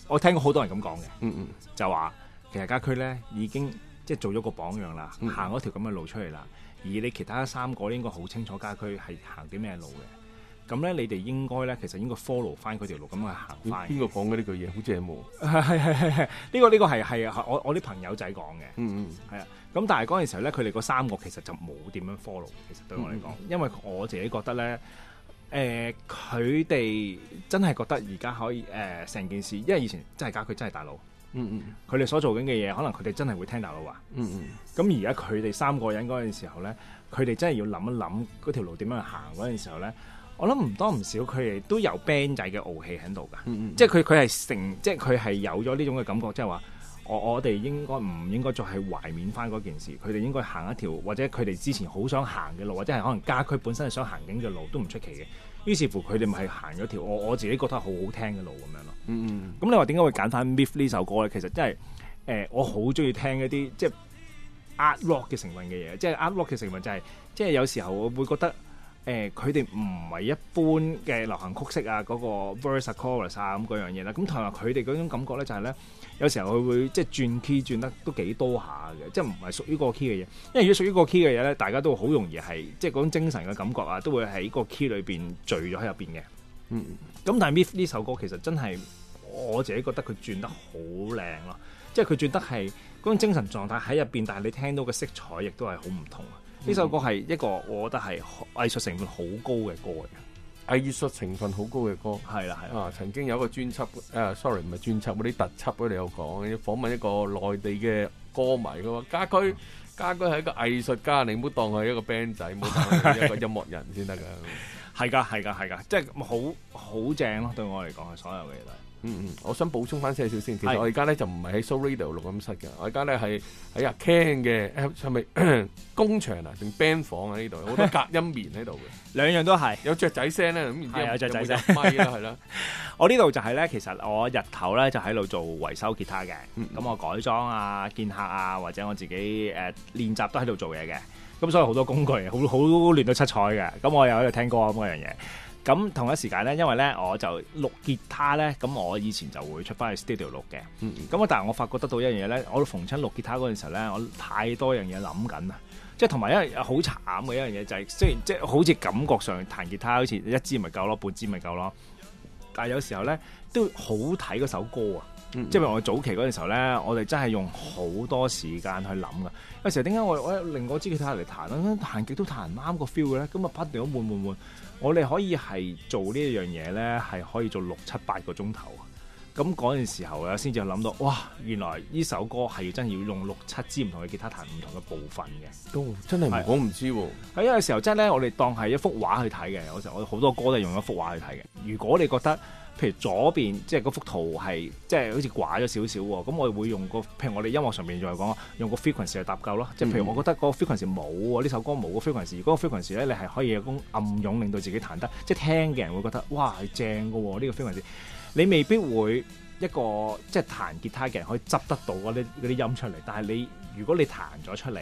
我聽過好多人咁講嘅，嗯嗯就話其實家區咧已經即係做咗個榜樣啦，行咗條咁嘅路出嚟啦。而你其他三個應該好清楚家區係行啲咩路嘅。咁咧，你哋應該咧，其實應該 follow 翻嗰條路咁去行翻。邊個講嘅呢句嘢？好正喎！係係係呢個呢個係係我我啲朋友仔講嘅。嗯嗯，嗯，係啊。咁但係嗰陣時候咧，佢哋嗰三個其實就冇點樣 follow。其實對我嚟講、嗯嗯，因為我自己覺得咧，誒佢哋真係覺得而家可以誒成、呃、件事，因為以前真係搞佢真係大佬。嗯嗯，佢哋所做緊嘅嘢，可能佢哋真係會聽大佬話。嗯嗯。咁而家佢哋三個人嗰陣時候咧，佢哋真係要諗一諗嗰條路點樣行嗰陣時候咧。我諗唔多唔少，佢哋都有 band 仔嘅傲氣喺度噶，即係佢佢係成，即係佢係有咗呢種嘅感覺，即係話我我哋應該唔應該再係懷緬翻嗰件事？佢哋應該行一條或者佢哋之前好想行嘅路，或者係可能家居本身係想行緊嘅路，都唔出奇嘅。於是乎，佢哋咪係行咗條我我自己覺得好好聽嘅路咁樣咯。嗯嗯，mm-hmm，咁你話點解會揀翻《Miff》呢首歌咧？其實真係，誒、呃，我好中意聽一啲即係 hard rock 嘅成分嘅嘢，即係 hard rock 嘅成分就係，即係有時候我會覺得。誒、呃，佢哋唔係一般嘅流行曲式啊，嗰、嗰個 verse、啊啊、chorus 啊咁嗰樣嘢啦。咁同埋佢哋嗰種感覺咧，就係咧，有時候佢會即係轉 key 轉得都幾多下嘅，即係唔係屬於個 key 嘅嘢。因為如果屬於個 key 嘅嘢咧，大家都好容易係即係嗰種精神嘅感覺啊，都會喺個 key 裏邊聚咗喺入邊嘅。嗯。咁但係 Miff 呢首歌其實真係我自己覺得佢轉得好靚咯，即係佢轉得係嗰種精神狀態喺入邊，但係你聽到嘅色彩亦都係好唔同。呢首歌係一個，我覺得係藝術成分好高嘅歌嚟嘅，藝術成分好高嘅歌，係啦係啊，曾經有一個專輯，誒，sorry，唔係專輯嗰啲特輯你有講，訪問一個內地嘅歌迷㗎喎，家駒，家駒係一個藝術家，你唔好當佢係一個 band 仔，一個音樂人先得㗎，係㗎係㗎係㗎，即係好好正咯，對我嚟講，係所有嘅嘢都係。嗯嗯，我想補充翻些少先。其實我而家咧就唔係喺 Sorido 錄音室嘅，我而家咧係喺阿 Ken 嘅 app，係咪工場啊定 band 房啊？呢度好多隔音棉喺度嘅。 (laughs) 兩樣都係有雀仔聲咧，啊，咁然有，有雀仔聲，咪啦啦。我這裡是呢度就係咧，其實我日頭咧就喺度做維修吉他嘅，咁、嗯、我改裝啊、見客啊，或者我自己誒、呃、練習都喺度做嘢嘅，咁所以好多工具，好好亂到七彩嘅。咁我又喺度聽歌咁嗰樣嘢。咁同一時間咧，因為咧我就錄吉他咧，咁我以前就會出翻去 studio 錄嘅。咁啊，但係我發覺得到一樣嘢咧，我逢親錄吉他嗰陣時咧，我太多樣嘢諗緊啦。即係同埋因為好慘嘅一樣嘢就係、是，雖然即係好似感覺上彈吉他好似一支咪夠咯，半支咪夠咯，但係有時候咧都好睇嗰首歌啊！嗯、即係我早期嗰陣時候咧，我哋真係用好多時間去諗噶。有時點解我我一另一支吉他嚟彈咧，彈極都彈唔啱個 feel 嘅咧？咁啊，不斷咁換換換。我哋可以係做呢一樣嘢咧，係可以做六七八個鐘頭。咁嗰陣時候咧，先至諗到，哇！原來呢首歌係真係要用六七支唔同嘅吉他彈唔同嘅部分嘅。都、哦、真係唔好唔知喎。喺呢時候真係咧，我哋當係一幅畫去睇嘅。嗰時我好多歌都係用一幅畫去睇嘅。如果你覺得，譬如左邊即係嗰幅圖係即係好似寡咗少少喎，咁我會用個譬如我哋音樂上面就係講用個 frequency 嚟搭救咯，即係譬如我覺得個 frequency 冇喎，呢、嗯、首歌冇個 frequency，如果個 frequency 咧你係可以有功暗湧令到自己彈得，即係聽嘅人會覺得哇係正㗎喎，呢、這個 frequency 你未必會一個即係彈吉他嘅人可以執得到啲嗰啲音出嚟，但係你如果你彈咗出嚟。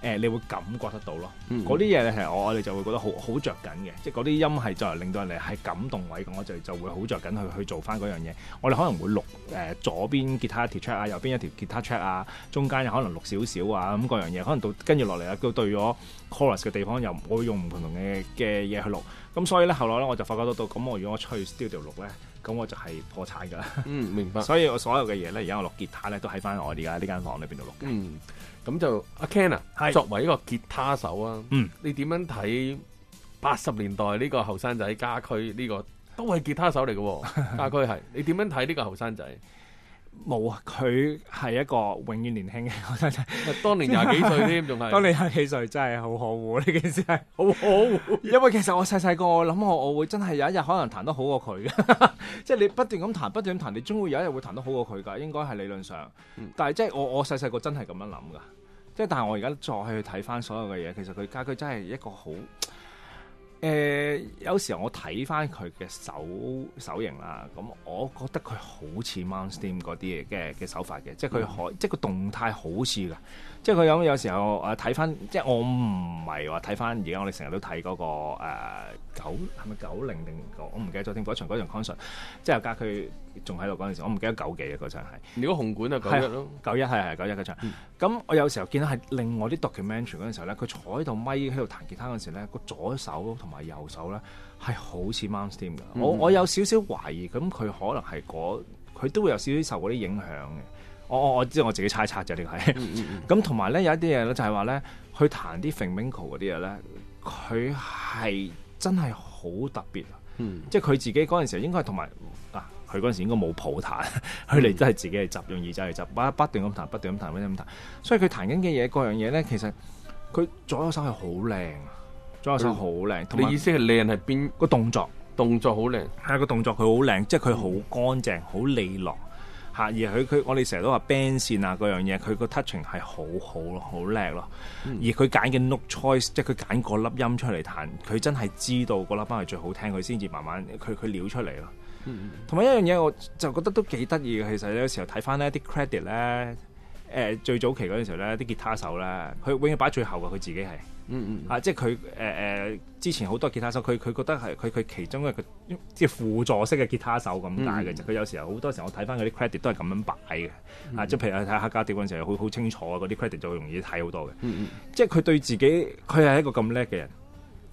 誒、呃，你會感覺得到咯，嗰啲嘢咧係我我哋就會覺得好好著緊嘅，即係嗰啲音係就嚟令到人哋係感動位咁，我就就會好着緊去去做翻嗰樣嘢。我哋可能會錄誒、呃、左邊吉他一條 check 啊，右邊一條吉他 check 啊，中間可能錄少少啊，咁嗰樣嘢可能到跟住落嚟啊，到對咗 chorus 嘅地方又我會用唔同嘅嘅嘢去錄。咁所以咧後來咧我就發覺得到，咁我如果我出去 studio 錄咧，咁我就係破產㗎喇。嗯，明白。所以我所有嘅嘢咧，而家我錄吉他咧都喺翻我而家呢間房裏邊度錄嘅。嗯。咁就阿 Ken 啊，作為一個吉他手啊，你點樣睇八十年代呢個後生仔家駒呢、呢個都係吉他手嚟嘅， (laughs) 家駒係你點樣睇呢個後生仔？冇啊！佢係一個永遠年輕嘅，我 (laughs) 真當年廿幾歲添，仲 (laughs) 係當年廿幾歲真係好可惡呢件事係好可惡。 (laughs) 因為其實我細細個，我諗我我會真係有一日可能彈得好過佢嘅，即 (laughs) 係你不斷咁彈，不斷咁彈，你終會有一日會彈得好過佢噶，應該係理論上。嗯、但係即係我我細細個真係咁樣諗噶，即係但係我而家再去睇翻所有嘅嘢，其實佢家居真係一個好。誒、呃、有時候我睇翻佢嘅手手型啦，咁我覺得佢好似 Monstean 嗰啲嘅嘅手法嘅、嗯，即係佢可即係個動態好似㗎。即係佢咁有時候誒睇翻，即係我唔係話睇翻。而家我哋成日都睇嗰、嗰個、呃、九係咪九零定我唔記得咗添。嗰場嗰場 concert 即係隔佢仲喺度嗰陣時，我唔記得九幾嘅嗰場係。你嗰紅館就係九一，係呀，九一咯，九一係係九一嘅場。咁、嗯、我有時候見到係另外啲 documentary 嗰陣時候咧，佢坐喺度咪喺度彈吉他嗰陣時咧，個左手同埋右手咧係好似 Mum Steam 嘅、嗯。我我有少少懷疑，咁佢可能係嗰佢都會有少少受嗰啲影響嘅。我我我知道我自己猜測啫，這個嗯嗯、還呢個係咁，同埋咧有一啲嘢咧，就係話咧，去彈啲 fingerball 嗰啲嘢咧，佢係真係好特別，嗯，即係佢自己嗰陣時應該係同埋嗱，佢嗰陣時應該冇譜彈，佢、嗯、哋都係自己去執，用耳仔去執，不斷咁彈，不斷咁彈，不斷咁彈，彈，所以佢彈緊嘅嘢各樣嘢咧，其實佢左右手係好靚，左右手好靚、嗯。同你意思係靚係邊個動作？動作好靚，係個動作佢好靚，即係佢好乾淨，好利落。而佢佢我哋成日都話 band 線啊嗰樣嘢，佢個 touching 係好好咯，好叻咯。嗯、而佢揀嘅 note choice，即係佢揀個粒音出嚟彈，佢真係知道嗰粒音係最好聽，佢先至慢慢佢佢撩出嚟咯。同、嗯、埋一樣嘢，我就覺得都幾得意嘅。其實有時候睇翻呢啲 credit 咧，誒、呃、最早期嗰陣時候咧啲吉他手咧，佢永遠擺最後嘅，佢自己係。嗯嗯，啊，即係佢誒誒，之前好多吉他手，佢佢覺得係佢佢其中一個即係輔助式嘅吉他手咁解嘅啫。佢、嗯嗯、有時候好多時候我睇翻嗰啲 credit 都係咁樣擺嘅、嗯嗯，啊，即係譬如睇黑膠碟嗰陣時候，好好清楚啊，嗰啲 credit 就好容易睇好多嘅、嗯嗯。即係佢對自己，佢係一個咁叻嘅人，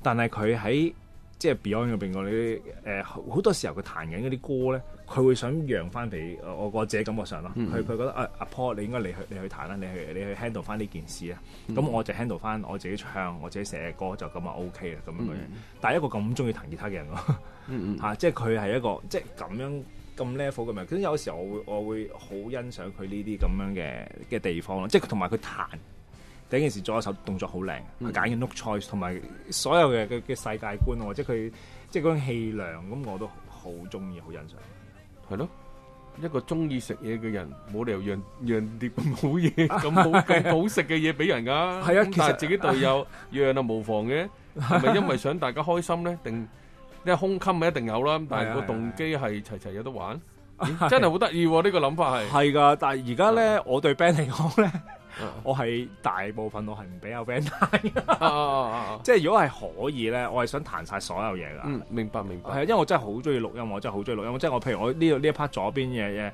但係佢喺。即係 Beyond 嗰邊嗰啲誒，好多時候佢彈緊嗰啲歌咧，佢會想讓翻俾我我自己的感覺上咯。佢、mm、佢 -hmm. 覺得啊，阿 Paul 你應該你，你去你去彈啦，你去你去 handle 翻呢件事啊。咁、mm -hmm. 我就 handle 翻我自己唱，我自己寫嘅歌就咁啊 OK 啦咁樣。Mm -hmm. 但係一個咁中意彈吉他嘅人喎，嚇、啊 mm -hmm.，即係佢係一個即係咁樣咁 level 嘅咪。咁有時候我會我會好欣賞佢呢啲咁樣嘅嘅地方咯。即係同埋佢彈。第一件事做一首動作好靚，揀嘅 Nook Choice 同埋所有嘅嘅嘅世界觀，或者佢即係嗰種氣量，咁我都好中意，好欣賞。係咯，一個中意食嘢嘅人，冇理由讓讓啲咁好嘢、咁好、咁好食嘅嘢俾人㗎。係啊，其實自己隊友讓就無妨嘅，係咪因為想大家開心咧？定即係胸襟咪一定有啦。但係個動機係齊齊有得玩，真係好得意喎！呢個諗法係係㗎。但係而家咧，我對 Band 嚟講咧。Uh -huh. 我係大部分我係唔俾阿 Van 彈，uh -huh. (laughs) 即係如果係可以咧，我係想彈晒所有嘢噶、嗯。明白明白。係啊，因為我真係好中意錄音，我真係好中意錄音。即係我譬如我呢度呢一 part 左邊嘅嘢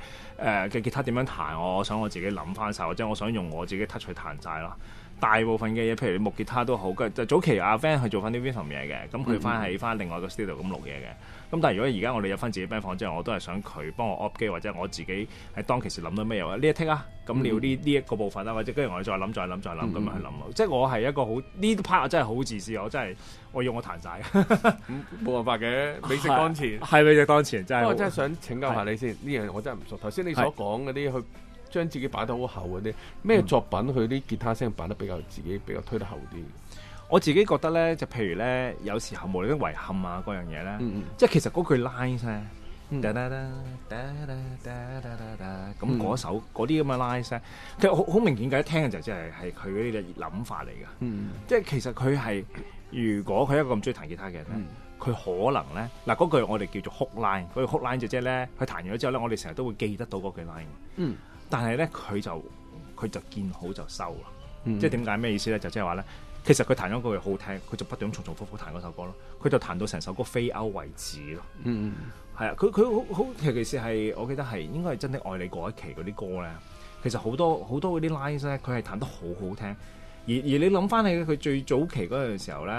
誒嘅吉他點樣彈，我想我自己諗翻晒，或者我想用我自己 touch 去彈晒咯。大部分嘅嘢，譬如你木吉他都好，跟、就係、早期阿 Van 係做翻呢啲咁嘢嘅，咁佢翻喺翻另外一個 studio 咁錄嘢嘅。Uh -huh. 咁但係如果而家我哋入翻自己 band 房之後，我都係想佢幫我 o 機，或者我自己喺當其時諗到咩嘢，呢一聽啊，咁你要呢呢一個部分啊，嗯、或者跟住我再諗再諗再諗，咁啊去諗啊。即係、嗯就是、我係一個好呢 part，真係好自私，我真係我用我彈晒，冇、嗯、辦法嘅，美食當前，係美食當前，真係我真係想請教下你先呢樣，這個、我真係唔熟。頭先你所講嗰啲去將自己擺得好厚嗰啲，咩作品佢啲吉他聲擺得比較自己、嗯、比較推得厚啲？我自己覺得咧，就譬如咧，有時候無論啲遺憾啊嗰樣嘢咧、嗯，即係其實嗰句 line 咧、嗯，咁嗰、嗯、首嗰啲咁嘅 line 咧，其實好好明顯嘅，一聽就即係係佢嗰啲嘅諗法嚟㗎、嗯。即係其實佢係，如果佢一個咁中意彈吉他嘅人咧，佢、嗯、可能咧嗱嗰句我哋叫做 hook line，嗰句 hook line 就即係咧，佢彈完咗之後咧，我哋成日都會記得到嗰句 line、嗯、但係咧佢就佢就見好就收啦、嗯。即係點解咩意思咧？就即係話咧。其實佢彈咗個好聽，佢就不斷咁重重複複彈嗰首歌咯。佢就彈到成首歌個飛鷗為止咯。嗯嗯，係啊，佢佢好好尤其是係我記得係應該係真的愛你嗰一期嗰啲歌咧。其實好多好多嗰啲 live 咧，佢係彈得好好聽。而而你諗翻起佢最早期嗰陣時候咧，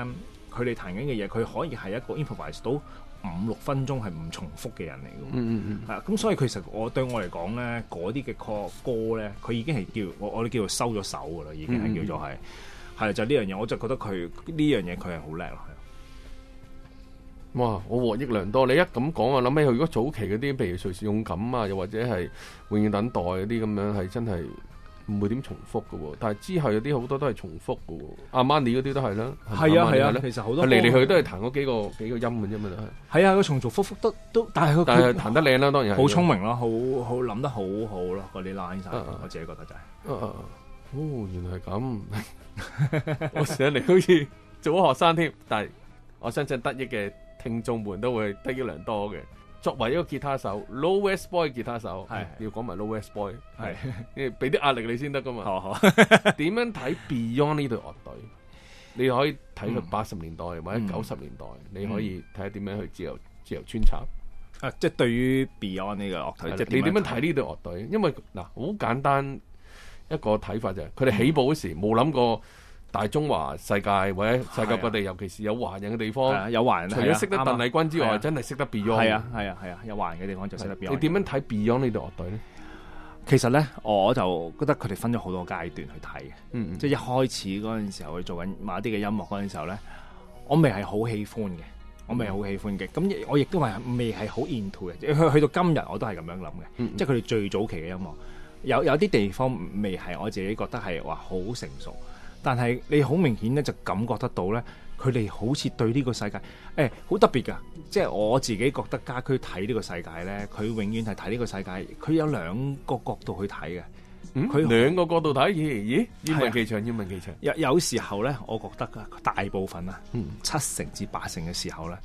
佢哋彈緊嘅嘢，佢可以係一個 improvise 到五六分鐘係唔重複嘅人嚟嘅。嗯嗯嗯。係咁所以其實我對我嚟講咧，嗰啲嘅歌歌咧，佢已經係叫我我哋叫做收咗手㗎啦，已經係叫做係。Mm -hmm. 是係就呢樣嘢，我就覺得佢呢樣嘢佢係好叻咯。哇！我獲益良多。你一咁講啊，諗起佢如果早期嗰啲譬如《瑞士勇敢》啊，又或者係《永遠等待》嗰啲咁樣，係真係唔會點重複噶。但係之後有啲好多都係重複噶。阿媽你嗰啲都係啦。係啊係啊，其實好多嚟嚟去去都係彈嗰幾個幾個音嘅啫嘛。係。啊，佢重重複複得都，但係佢但係彈得靚啦，當然係好聰明啦，好好諗得好好咯。嗰啲 line 晒，我自己覺得就係、是啊啊。哦，原來係咁。 (laughs) (laughs) 我上嚟好似做咗學生添，但係我相信得益嘅聽眾們都會得益良多嘅。作為一個吉他手，Lowest Boy 吉他手係要講埋 Lowest Boy，係俾啲壓力你先得噶嘛。好，好。點 (laughs) 樣睇 Beyond 呢隊樂隊？你可以睇佢八十年代、嗯、或者九十年代、嗯，你可以睇下點樣去自由自由穿插。啊，即、就、係、是、對於 Beyond 呢個樂隊，即係、你點樣睇呢隊樂隊？因為嗱，好、啊、簡單。一個睇法就係佢哋起步嗰時冇諗過大中華世界或者世界各地，尤其是有華人嘅地方，啊地方啊，有華人。除咗識得鄧麗君之外，啊、真係識得 Beyond。係啊係啊係啊！有華人嘅地方就識得 Beyond。你點樣睇 Beyond 呢隊樂隊咧？其實咧，我就覺得佢哋分咗好多階段去睇嘅、嗯嗯。即係一開始嗰陣時候去做緊某一啲嘅音樂嗰陣時候咧，我未係好喜歡嘅，我未係好喜歡嘅。咁我亦都係未係好 into 嘅。去去到今日我都係咁樣諗嘅、嗯嗯。即係佢哋最早期嘅音樂。有有啲地方未係我自己覺得係話好成熟，但係你好明顯咧就感覺得到咧，佢哋好似對呢個世界，誒、欸、好特別噶，即、就、係、是、我自己覺得家居睇呢個世界咧，佢永遠係睇呢個世界，佢有兩個角度去睇嘅，佢、嗯、兩個角度睇，咦、欸、咦，英明幾長，英明幾長，有有時候咧，我覺得啊，大部分啊、嗯，七成至八成嘅時候咧，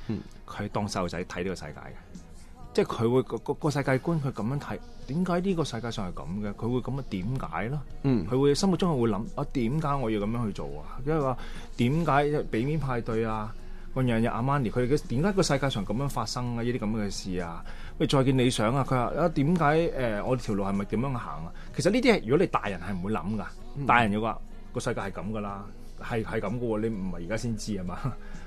佢、嗯、當細路仔睇呢個世界嘅。即係佢會個、個世界觀，佢咁樣睇點解呢個世界上係咁嘅？佢會咁樣點解咯？嗯，佢會心目中係會諗啊點解我要咁樣去做啊？因為話點解畀面派對啊個日日阿瑪尼佢嘅點解個世界上咁樣發生啊呢啲咁嘅事啊？喂，再見理想啊！佢話啊點解誒我條路係咪點樣行啊？其實呢啲係如果你大人係唔會諗噶、嗯，大人要話個世界係咁噶啦。係係咁嘅喎，你唔係而家先知啊嘛。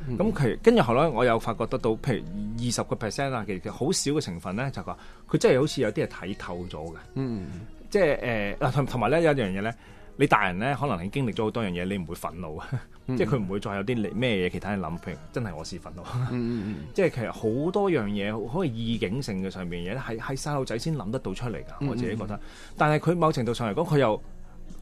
咁、嗯、其跟住後來，我又發覺得到，譬如二十個 percent 啊，其實好少嘅成分咧，就話、是、佢真係好似有啲嘢睇透咗嘅。嗯，嗯，嗯，即係誒，同同埋咧有一樣嘢咧，你大人咧可能係經歷咗好多樣嘢，你唔會憤怒嘅、嗯嗯嗯，即係佢唔會再有啲咩嘢其他人諗，譬如真係我是憤怒的嗯嗯嗯嗯。即係其實好多樣嘢，可能意境性嘅上面嘢，喺喺細路仔先諗得到出嚟嘅。我自己覺得，嗯嗯嗯但係佢某程度上嚟講，佢又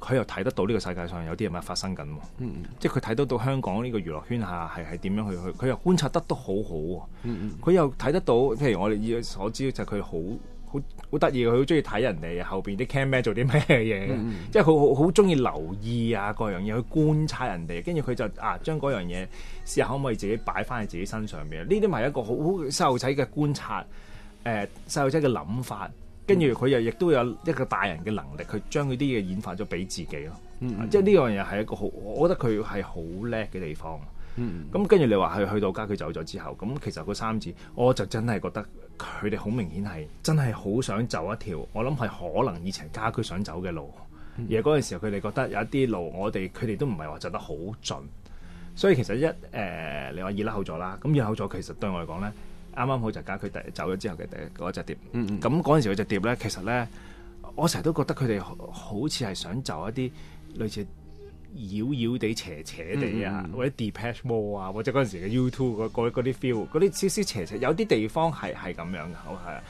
佢又睇得到呢個世界上有啲嘢發生緊、嗯，即係佢睇得到香港呢個娛樂圈下係係點樣去去，佢又觀察得都好好。佢、嗯嗯、又睇得到，譬如我哋所知就係佢好好好得意，佢好中意睇人哋後邊啲 camera 做啲咩嘢，即係佢好好中意留意啊各樣嘢去觀察人哋，跟住佢就啊將嗰樣嘢試下可唔可以自己擺翻喺自己身上邊。呢啲咪係一個好好細路仔嘅觀察，誒細路仔嘅諗法。跟住佢又亦都有一個大人嘅能力，佢將佢啲嘢演化咗俾自己咯。即係呢樣嘢係一個好，我覺得佢係好叻嘅地方。咁跟住你話係去，去到家駒走咗之後，咁其實個三子我就真係覺得佢哋好明顯係真係好想走一條，我諗係可能以前家駒想走嘅路。嗯、而係嗰時候，佢哋覺得有一啲路我，我哋佢哋都唔係話走得好盡，所以其實一、呃、你話二樓後座啦，咁二樓後座其實對我嚟講咧。啱啱好就揀佢第走咗之後嘅第一嗰隻碟，咁嗰陣時佢隻碟咧，其實咧，我成日都覺得佢哋好似係想就一啲類似妖妖地斜斜地、嗯嗯、啊，或者 Depeche Mode 啊，或者嗰陣時嘅 YouTube 嗰啲 feel，嗰啲少少斜斜，有啲地方係係咁樣嘅，好係啊。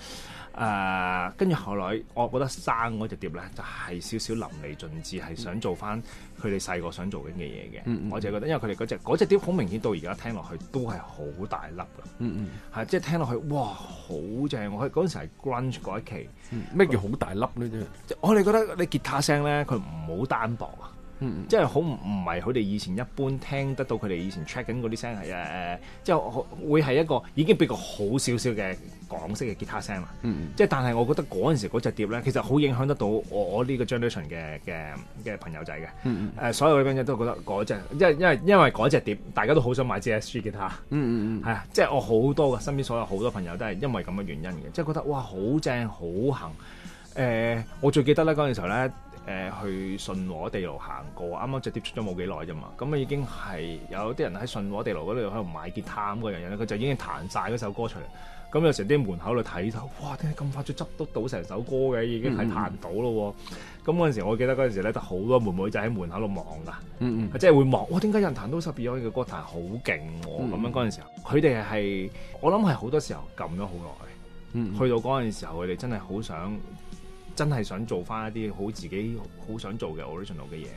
誒、啊，跟住後來，我覺得生嗰隻碟咧，就係少少淋漓盡致，係想做翻佢哋細個想做緊嘅嘢嘅。我就覺得，因為佢哋嗰隻嗰隻、那個、碟好明顯到而家聽落去都係好大粒嘅。嗯嗯，係即係、就是、聽落去，哇，好正！我嗰陣時係 grunge 嗰一期，咩、嗯、叫好大粒咧？ (music) 我哋覺得啲吉他聲咧，佢唔好單薄啊。嗯嗯，即係好唔係佢哋以前一般聽得到，佢哋以前 check 緊嗰啲聲係、呃、即係會係一個已經比較好少少嘅港式嘅吉他聲啦、嗯嗯。即係但係我覺得嗰陣時嗰隻碟咧，其實好影響得到我呢個 generation 嘅嘅嘅朋友仔嘅、嗯嗯呃。所有嘅朋友都覺得嗰隻，因為因為因為嗰隻碟大家都好想買支 SG 吉他，係啊、嗯嗯嗯，即係我好多嘅身邊所有好多朋友都係因為咁嘅原因嘅，即係覺得哇好正好行。我最記得呢嗰陣時候咧。誒、呃、去信和地牢行過，啱啱就推出咗冇幾耐啫嘛，咁啊已經係有啲人喺信和地牢嗰度喺度買吉他咁嘅人咧，佢就已經彈晒嗰首歌出嚟。咁有時啲門口度睇到，哇！點解咁快就執得到成首歌嘅？已經係彈到咯。咁嗰陣時，我記得嗰陣時咧，好多妹妹就喺門口度望噶，嗯嗯即，即係會望，哇點解有人彈到十二音嘅歌彈好勁、哦？咁樣嗰陣時候，佢哋係我諗係好多時候撳咗好耐，嗯嗯去到嗰陣時候，佢哋真係好想。真係想做翻一啲好自己好想做嘅 original 嘅嘢，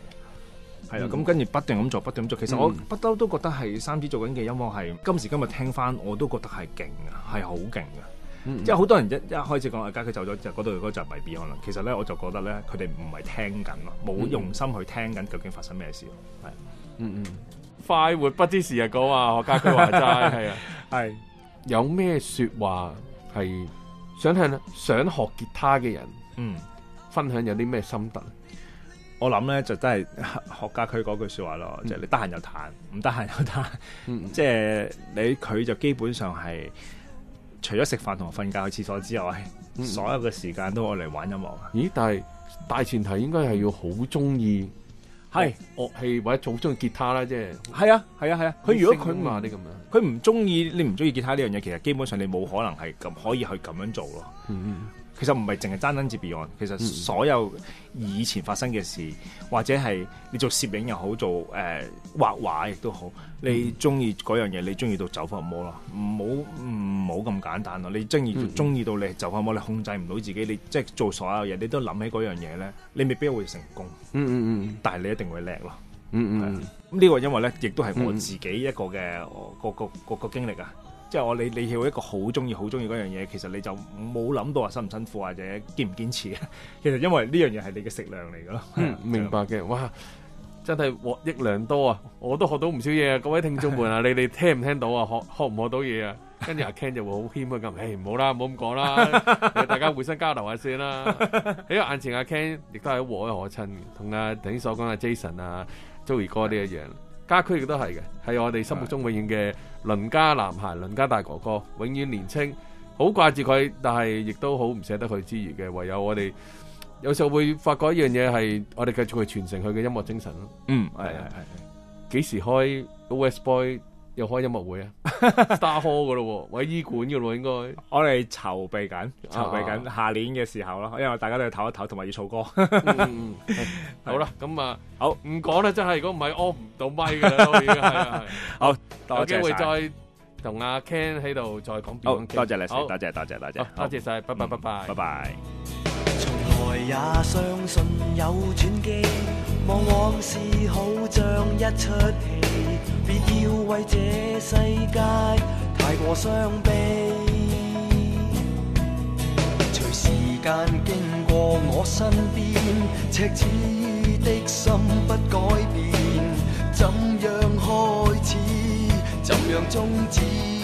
係啦，咁跟住不斷咁做，不斷咁做。其實我不嬲、mm -hmm. 都覺得係三子做緊嘅音樂係今時今日聽翻我都覺得係勁嘅，係好勁嘅。即係好多人一一開始講阿、哎、家駒走咗，就嗰度嗰集迷 B 可能，其實咧，我就覺得咧，佢哋唔係聽緊咯，冇用心去聽緊究竟發生咩事。係、mm -hmm.，嗯 (laughs) 嗯是的，快活不知時日過啊！學家駒話齋係啊，係有咩説話係想聽想學吉他嘅人。嗯，分享有啲咩心得？我諗咧就真係學家佢嗰句說話咯，即、嗯、係、就是、你得閒就彈，唔得閒就彈。即、嗯、係、就是、你佢就基本上係除咗食飯同瞓覺去廁所之外，嗯、所有嘅時間都愛嚟玩音樂。咦？但係大前提應該係要好中意，係樂器或者好中意吉他啦。即係係啊，係啊，係啊。佢、啊、如果佢話你咁樣，佢唔中意，你唔中意吉他呢樣嘢，其實基本上你冇可能係咁可以去咁樣做咯。嗯。其實唔係淨係單單只 Beyond，其實所有以前發生嘅事，嗯、或者係你做攝影又好，做誒畫畫亦都好，嗯、你中意嗰樣嘢，你中意到走火入魔咯，唔好唔好咁簡單咯，你中意中意到你走火入魔，你控制唔到自己，嗯、你即係做所有嘢，你都諗起嗰樣嘢咧，你未必會成功，嗯嗯嗯，但係你一定會叻咯，嗯嗯,嗯,嗯，咁、這、呢個因為咧，亦都係我自己一個嘅、嗯、個個個,個,個,個經歷啊。即係我你你係一個好中意好中意嗰樣嘢，其實你就冇諗到話辛唔辛苦或者堅唔堅持啊。其實因為呢樣嘢係你嘅食糧嚟噶咯。明白嘅，哇！真係獲益良多啊！我都學到唔少嘢啊，各位聽眾們啊，你哋聽唔聽到啊？學學唔學到嘢啊？跟住阿 Ken 就會好謙卑咁，誒，唔好啦，唔好咁講啦，大家互相交流下先啦。喺個眼前阿 Ken 亦都係和藹可親，同阿頭先所講阿 Jason 啊、Joey 哥呢一樣。家駒亦都係嘅，係我哋心目中永遠嘅鄰家男孩、鄰家大哥哥，永遠年青。好掛住佢，但係亦都好唔捨得佢之餘嘅，唯有我哋有時候會發覺一樣嘢係，我哋繼續去傳承佢嘅音樂精神咯。嗯，係係係，幾時開 Westboy？又開音樂會啊，Star Hall 噶咯，喺 (laughs) 醫館噶咯應該。我哋籌備緊，籌備緊下、啊、年嘅時候咯，因為大家都要唞一唞，同埋要唱歌。好 (laughs) 啦、嗯，咁、嗯、啊、嗯，好唔講啦，真係如果唔係 on 唔到咪啦，都已經係。好，大家 (laughs) 會再同阿 Ken 喺度再講。多謝你，多謝，多謝，多謝，多謝，多謝晒。Bye bye, bye bye. 拜拜，拜拜，拜拜。也相信有轉機，望往事往好像一出戲，別要為這世界太過傷悲。隨 (music) 時間經過我身邊，赤子的心不改變，怎樣開始，怎樣終止。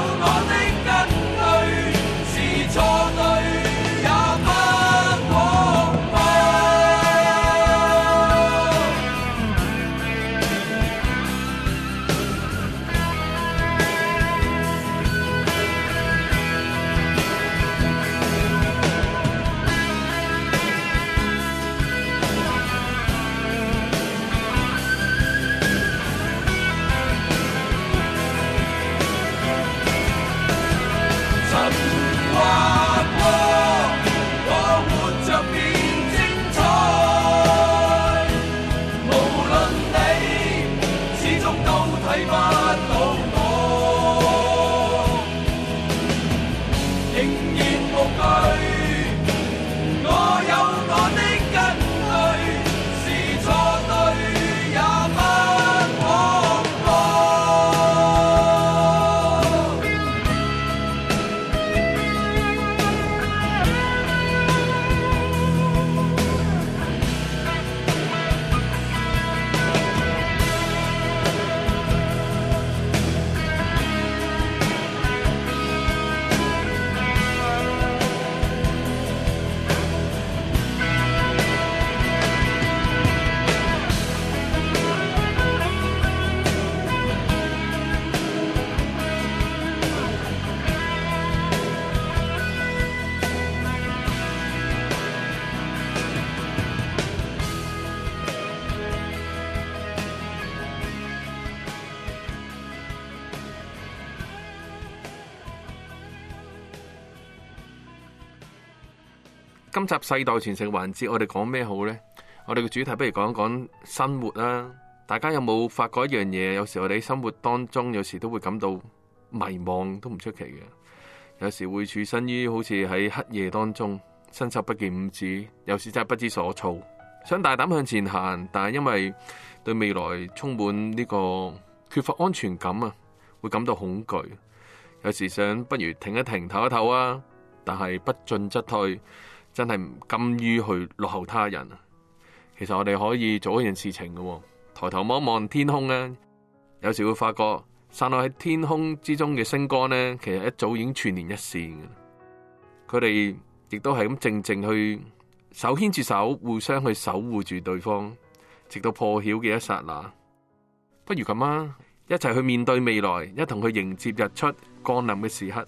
今集世代傳承環節，我哋講咩好呢？我哋嘅主題不如講一講生活啦。大家有冇發覺一樣嘢？有時我哋生活當中，有時都會感到迷茫，都唔出奇嘅。有時會處身於好似喺黑夜當中，伸手不見五指，有時真係不知所措，想大膽向前行，但係因為對未來充滿呢個缺乏安全感啊，會感到恐懼。有時想不如停一停，唞一唞啊，但係不進則退。真係唔甘於去落後他人啊！其實我哋可以做一件事情喎，抬頭望望天空咧，有時會發覺散落喺天空之中嘅星光咧，其實一早已經串聯一線。佢哋亦都係咁靜靜去手牽住手，互相去守護住對方，直到破曉嘅一刹那。不如咁啊，一齊去面對未來，一同去迎接日出降臨嘅時刻。